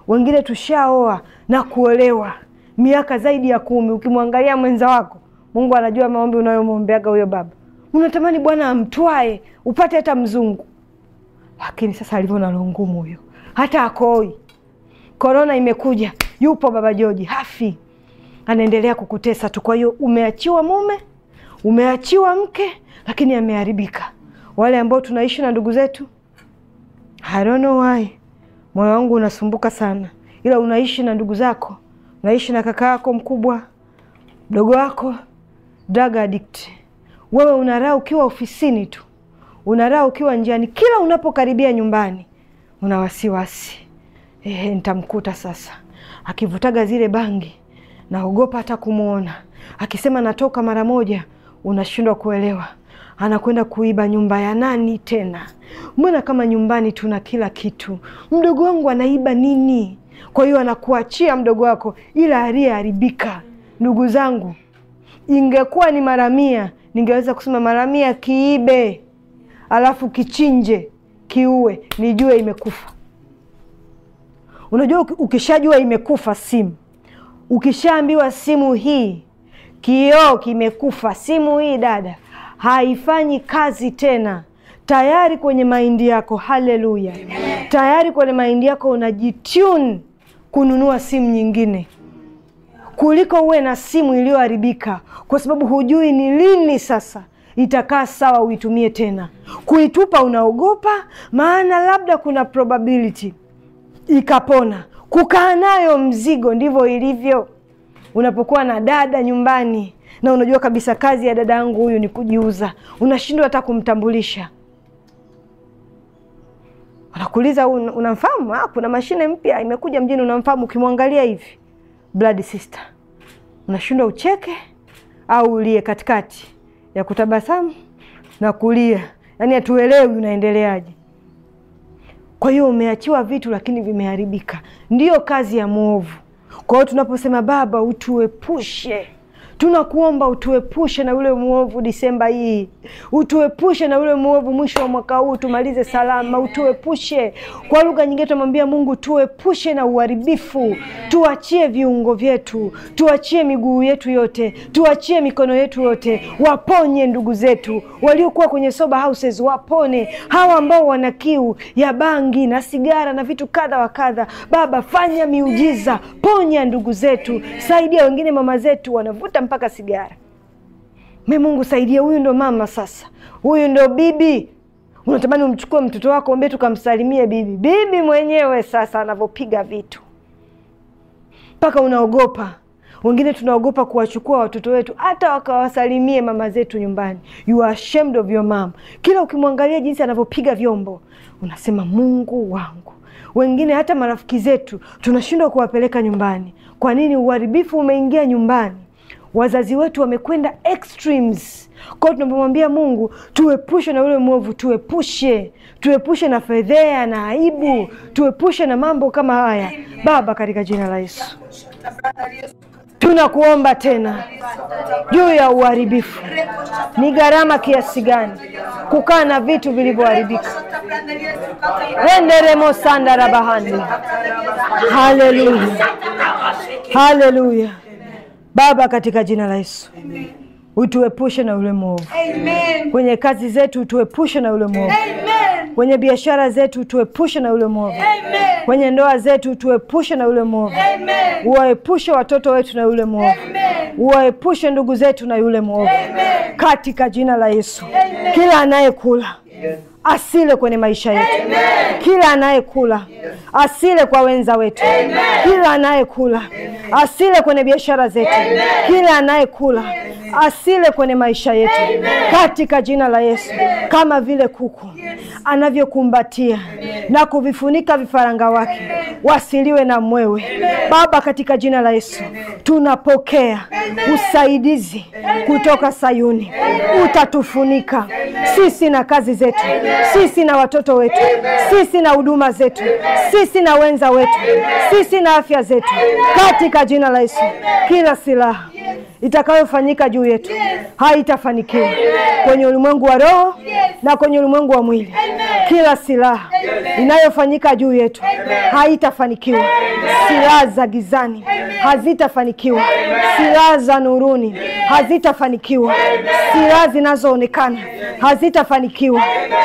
Wengine tushaoa na kuolewa miaka zaidi ya kumi, ukimwangalia mwenza wako, Mungu anajua maombi unayomwombeaga huyo baba, unatamani Bwana amtwae upate hata mzungu, lakini sasa alivyo na longumu huyo, hata akoi. Korona imekuja, yupo baba Joji hafi anaendelea kukutesa tu. Kwa hiyo umeachiwa mume, umeachiwa mke, lakini ameharibika. Wale ambao tunaishi na ndugu zetu, I don't know why, moyo wangu unasumbuka sana, ila unaishi na ndugu zako, unaishi na kaka yako mkubwa, mdogo wako, drug addict. Wewe unaraa ukiwa ofisini tu, unaraa ukiwa njiani, kila unapokaribia nyumbani una wasiwasi, ehe, nitamkuta sasa akivutaga zile bangi naogopa hata kumwona. Akisema natoka mara moja, unashindwa kuelewa anakwenda kuiba nyumba ya nani tena? Mbona kama nyumbani tuna kila kitu? Mdogo wangu anaiba nini? Kwa hiyo anakuachia mdogo wako, ila aliyeharibika. Ndugu zangu, ingekuwa ni mara mia, ningeweza kusema mara mia, kiibe alafu kichinje, kiue, nijue imekufa. Unajua, ukishajua imekufa simu Ukishaambiwa simu hii kioo kimekufa, simu hii dada haifanyi kazi tena, tayari kwenye maindi yako. Haleluya! Tayari kwenye maindi yako unajitune kununua simu nyingine kuliko uwe na simu iliyoharibika, kwa sababu hujui ni lini sasa itakaa sawa uitumie tena. Kuitupa unaogopa, maana labda kuna probability ikapona kukaa nayo mzigo. Ndivyo ilivyo unapokuwa na dada nyumbani na unajua kabisa kazi ya dada yangu huyu ni kujiuza, unashindwa hata kumtambulisha. Anakuuliza, unamfahamu? Ah, kuna mashine mpya imekuja mjini, unamfahamu? Ukimwangalia hivi blood sister, unashindwa ucheke au ulie katikati ya kutabasamu na kulia, yaani hatuelewi unaendeleaje. Kwa hiyo umeachiwa vitu lakini vimeharibika, ndiyo kazi ya mwovu. Kwa hiyo tunaposema Baba, utuepushe Tunakuomba utuepushe na yule mwovu Disemba hii, utuepushe na yule mwovu mwisho wa mwaka huu, tumalize salama, utuepushe. Kwa lugha nyingine tunamwambia Mungu, tuepushe na uharibifu, tuachie viungo vyetu, tuachie miguu yetu yote, tuachie mikono yetu yote. Waponye ndugu zetu waliokuwa kwenye sober houses, wapone hawa ambao wana kiu ya bangi na sigara na vitu kadha wa kadha. Baba, fanya miujiza, ponya ndugu zetu, saidia wengine. Mama zetu wanavuta mpaka sigara. Mimi Mungu saidia, huyu ndo mama sasa, huyu ndo bibi. Unatamani umchukue mtoto wako ombe tukamsalimie bibi. Bibi mwenyewe sasa anavyopiga vitu mpaka unaogopa. Wengine tunaogopa kuwachukua watoto wetu hata wakawasalimie mama zetu nyumbani. You are ashamed of your mom. Kila ukimwangalia jinsi anavyopiga vyombo unasema Mungu wangu. Wengine hata marafiki zetu tunashindwa kuwapeleka nyumbani. Kwa nini? Uharibifu umeingia nyumbani wazazi wetu wamekwenda extremes. Kwa hiyo tunapomwambia Mungu tuepushe na ule mwovu, tuepushe, tuepushe na fedhea na aibu, tuepushe na mambo kama haya. Baba, katika jina la Yesu tunakuomba tena juu ya uharibifu. Ni gharama kiasi gani kukaa na vitu vilivyoharibika? renderemo sandarabahani. Haleluya, haleluya. Baba, katika jina la Yesu Amen. Utuepushe na yule mwovu kwenye kazi zetu, utuepushe na yule mwovu kwenye biashara zetu, utuepushe na yule mwovu kwenye ndoa zetu, utuepushe na yule mwovu. Uwaepushe watoto wetu na yule mwovu, uwaepushe ndugu zetu na yule mwovu, katika jina la Yesu Amen. Kila anayekula yes asile kwenye maisha yetu Amen. Kila anayekula yes. asile kwa wenza wetu Amen. Kila anayekula asile kwenye biashara zetu Amen. Kila anayekula asile kwenye maisha yetu Amen. Katika jina la Yesu Amen. Kama vile kuku yes. anavyokumbatia na kuvifunika vifaranga wake Amen. wasiliwe na mwewe Amen. Baba, katika jina la Yesu Amen. tunapokea Amen. usaidizi Amen. kutoka Sayuni Amen. utatufunika Amen. sisi na kazi zetu Amen. sisi na watoto wetu Amen. sisi na huduma zetu Amen. sisi na wenza wetu Amen. sisi na afya zetu Amen. Katika jina la Yesu Amen. kila silaha itakayofanyika juu yetu yes. haitafanikiwa kwenye ulimwengu wa roho yes. na kwenye ulimwengu wa mwili Amen. Kila silaha inayofanyika juu yetu haitafanikiwa. Silaha za gizani hazitafanikiwa. Silaha za nuruni hazitafanikiwa. Silaha zinazoonekana hazitafanikiwa.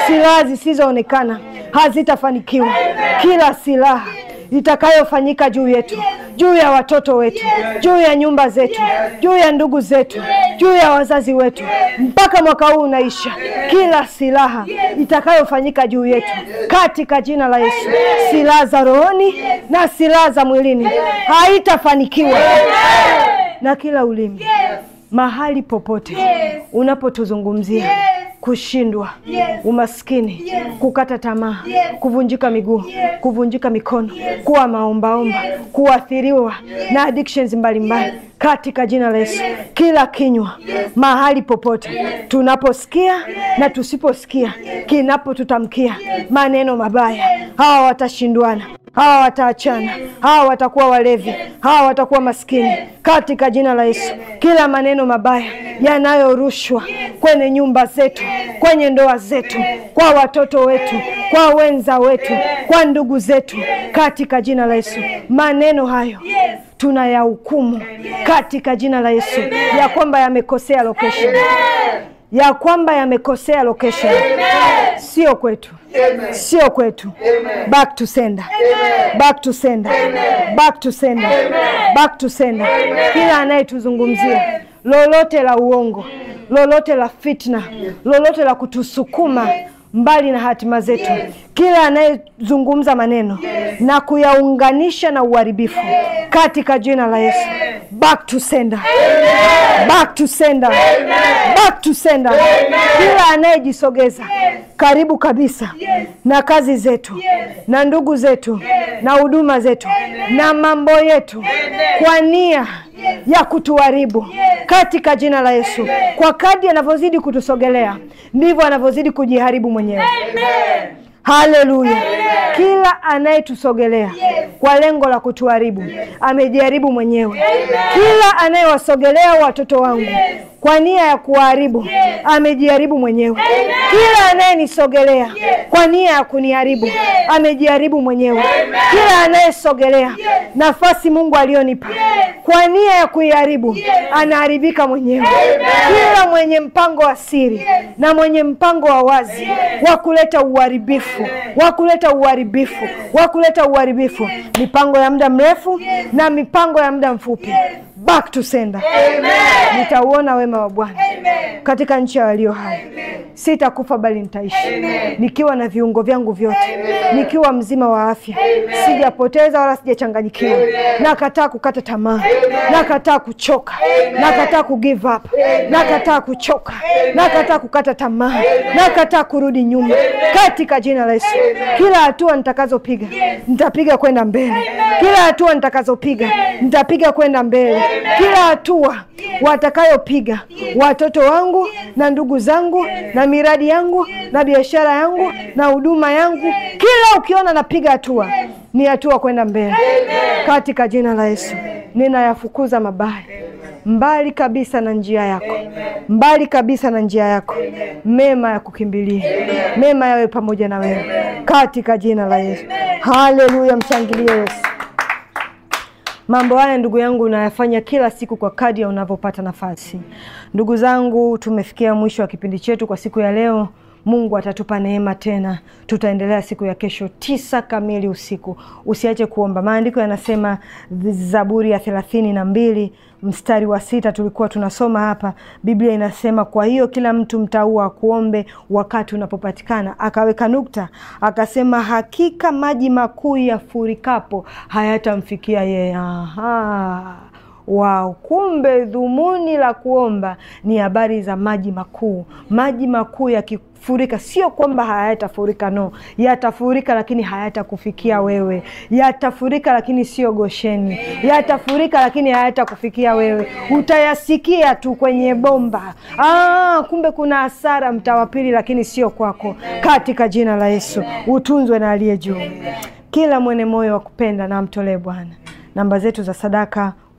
Silaha zisizoonekana hazitafanikiwa. Kila silaha itakayofanyika juu yetu, juu ya watoto wetu, juu ya nyumba zetu, juu ya ndugu zetu, juu ya wazazi wetu, mpaka mwaka huu unaisha. Kila silaha itakayofanyika juu yetu katika jina la Yesu, silaha za rohoni na silaha za mwilini haitafanikiwa na kila ulimi mahali popote yes. unapotuzungumzia yes. kushindwa yes. umaskini yes. kukata tamaa yes. kuvunjika miguu yes. kuvunjika mikono yes. kuwa maombaomba yes. kuathiriwa yes. na addictions mbalimbali yes. katika jina la Yesu yes. kila kinywa yes. mahali popote yes. tunaposikia yes. na tusiposikia yes. kinapotutamkia yes. maneno mabaya yes. hawa watashindwana hawa wataachana, hawa watakuwa walevi, hawa watakuwa maskini katika jina la Yesu. Kila maneno mabaya yanayorushwa kwenye nyumba zetu, kwenye ndoa zetu, kwa watoto wetu, kwa wenza wetu, kwa ndugu zetu, katika jina la Yesu, maneno hayo tunayahukumu katika jina la Yesu ya kwamba yamekosea location ya kwamba yamekosea location. Amen. Sio kwetu. Amen. Sio kwetu. Amen. Back to sender. Amen. Back to sender. Amen. Back to sender. Amen. Back to sender. Kila anayetuzungumzia yes. lolote la uongo, lolote la fitna, yes. lolote la kutusukuma yes mbali na hatima zetu yes. Kila anayezungumza maneno yes. na kuyaunganisha na uharibifu yes. katika jina la Yesu back to sender. Amen. back to sender. Amen. back to sender. Amen. Kila anayejisogeza yes. karibu kabisa yes. na kazi zetu yes. na ndugu zetu yes. na huduma zetu Amen. na mambo yetu Amen. kwa nia ya kutuharibu yes. katika jina la Yesu Amen. Kwa kadi anavyozidi kutusogelea ndivyo anavyozidi kujiharibu mwenyewe Haleluya! Kila anayetusogelea yes. kwa lengo la kutuharibu yes. amejiharibu mwenyewe Amen. Kila anayewasogelea watoto wangu yes kwa nia ya kuharibu yes. Amejiharibu mwenyewe Amen. Kila anayenisogelea yes. kwa nia ya kuniharibu yes. Amejiharibu mwenyewe Amen. Kila anayesogelea yes. nafasi Mungu aliyonipa yes. kwa nia ya kuiharibu yes. anaharibika mwenyewe Amen. Kila mwenye mpango wa siri yes. na mwenye mpango wa wazi yes. wa kuleta uharibifu wa kuleta uharibifu wa kuleta uharibifu yes. mipango ya muda mrefu yes. na mipango ya muda mfupi yes back to sender. Amen. Nitauona wema wa Bwana katika nchi ya walio hai. Sitakufa bali nitaishi, nikiwa na viungo vyangu vyote, nikiwa mzima wa afya, sijapoteza wala sijachanganyikiwa. Nakataa kukata tamaa, nakataa kuchoka, nakataa kugive up, nakataa kuchoka, nakataa kukata tamaa, nakataa kurudi nyuma katika jina la Yesu. Kila hatua nitakazopiga nitapiga kwenda mbele, kila hatua nitakazopiga nitapiga kwenda mbele kila hatua watakayopiga watoto wangu na ndugu zangu na miradi yangu na biashara yangu na huduma yangu, kila ukiona napiga hatua ni hatua kwenda mbele, katika jina la Yesu. Ninayafukuza mabaya mbali kabisa na njia yako, mbali kabisa na njia yako, mema ya kukimbilia, mema yawe pamoja na wewe, katika jina la Yesu. Haleluya, mshangilie Yesu. Mambo haya ndugu yangu unayafanya kila siku kwa kadi ya unavyopata nafasi. Ndugu zangu, tumefikia mwisho wa kipindi chetu kwa siku ya leo. Mungu atatupa neema tena, tutaendelea siku ya kesho tisa kamili usiku. Usiache kuomba. Maandiko yanasema Zaburi ya thelathini na mbili mstari wa sita tulikuwa tunasoma hapa, Biblia inasema kwa hiyo kila mtu mtaua akuombe wakati unapopatikana. Akaweka nukta akasema, hakika maji makuu yafurikapo hayatamfikia yeye wao. Kumbe dhumuni la kuomba ni habari za maji makuu. Maji makuu yakifurika, sio kwamba hayatafurika, no, yatafurika, lakini hayatakufikia wewe. Yatafurika lakini sio Gosheni, yatafurika lakini hayatakufikia wewe, utayasikia tu kwenye bomba. Ah, kumbe kuna hasara mtawapili, lakini sio kwako, katika jina la Yesu. Utunzwe na aliye juu. Kila mwenye moyo wa kupenda na mtolee Bwana. Namba zetu za sadaka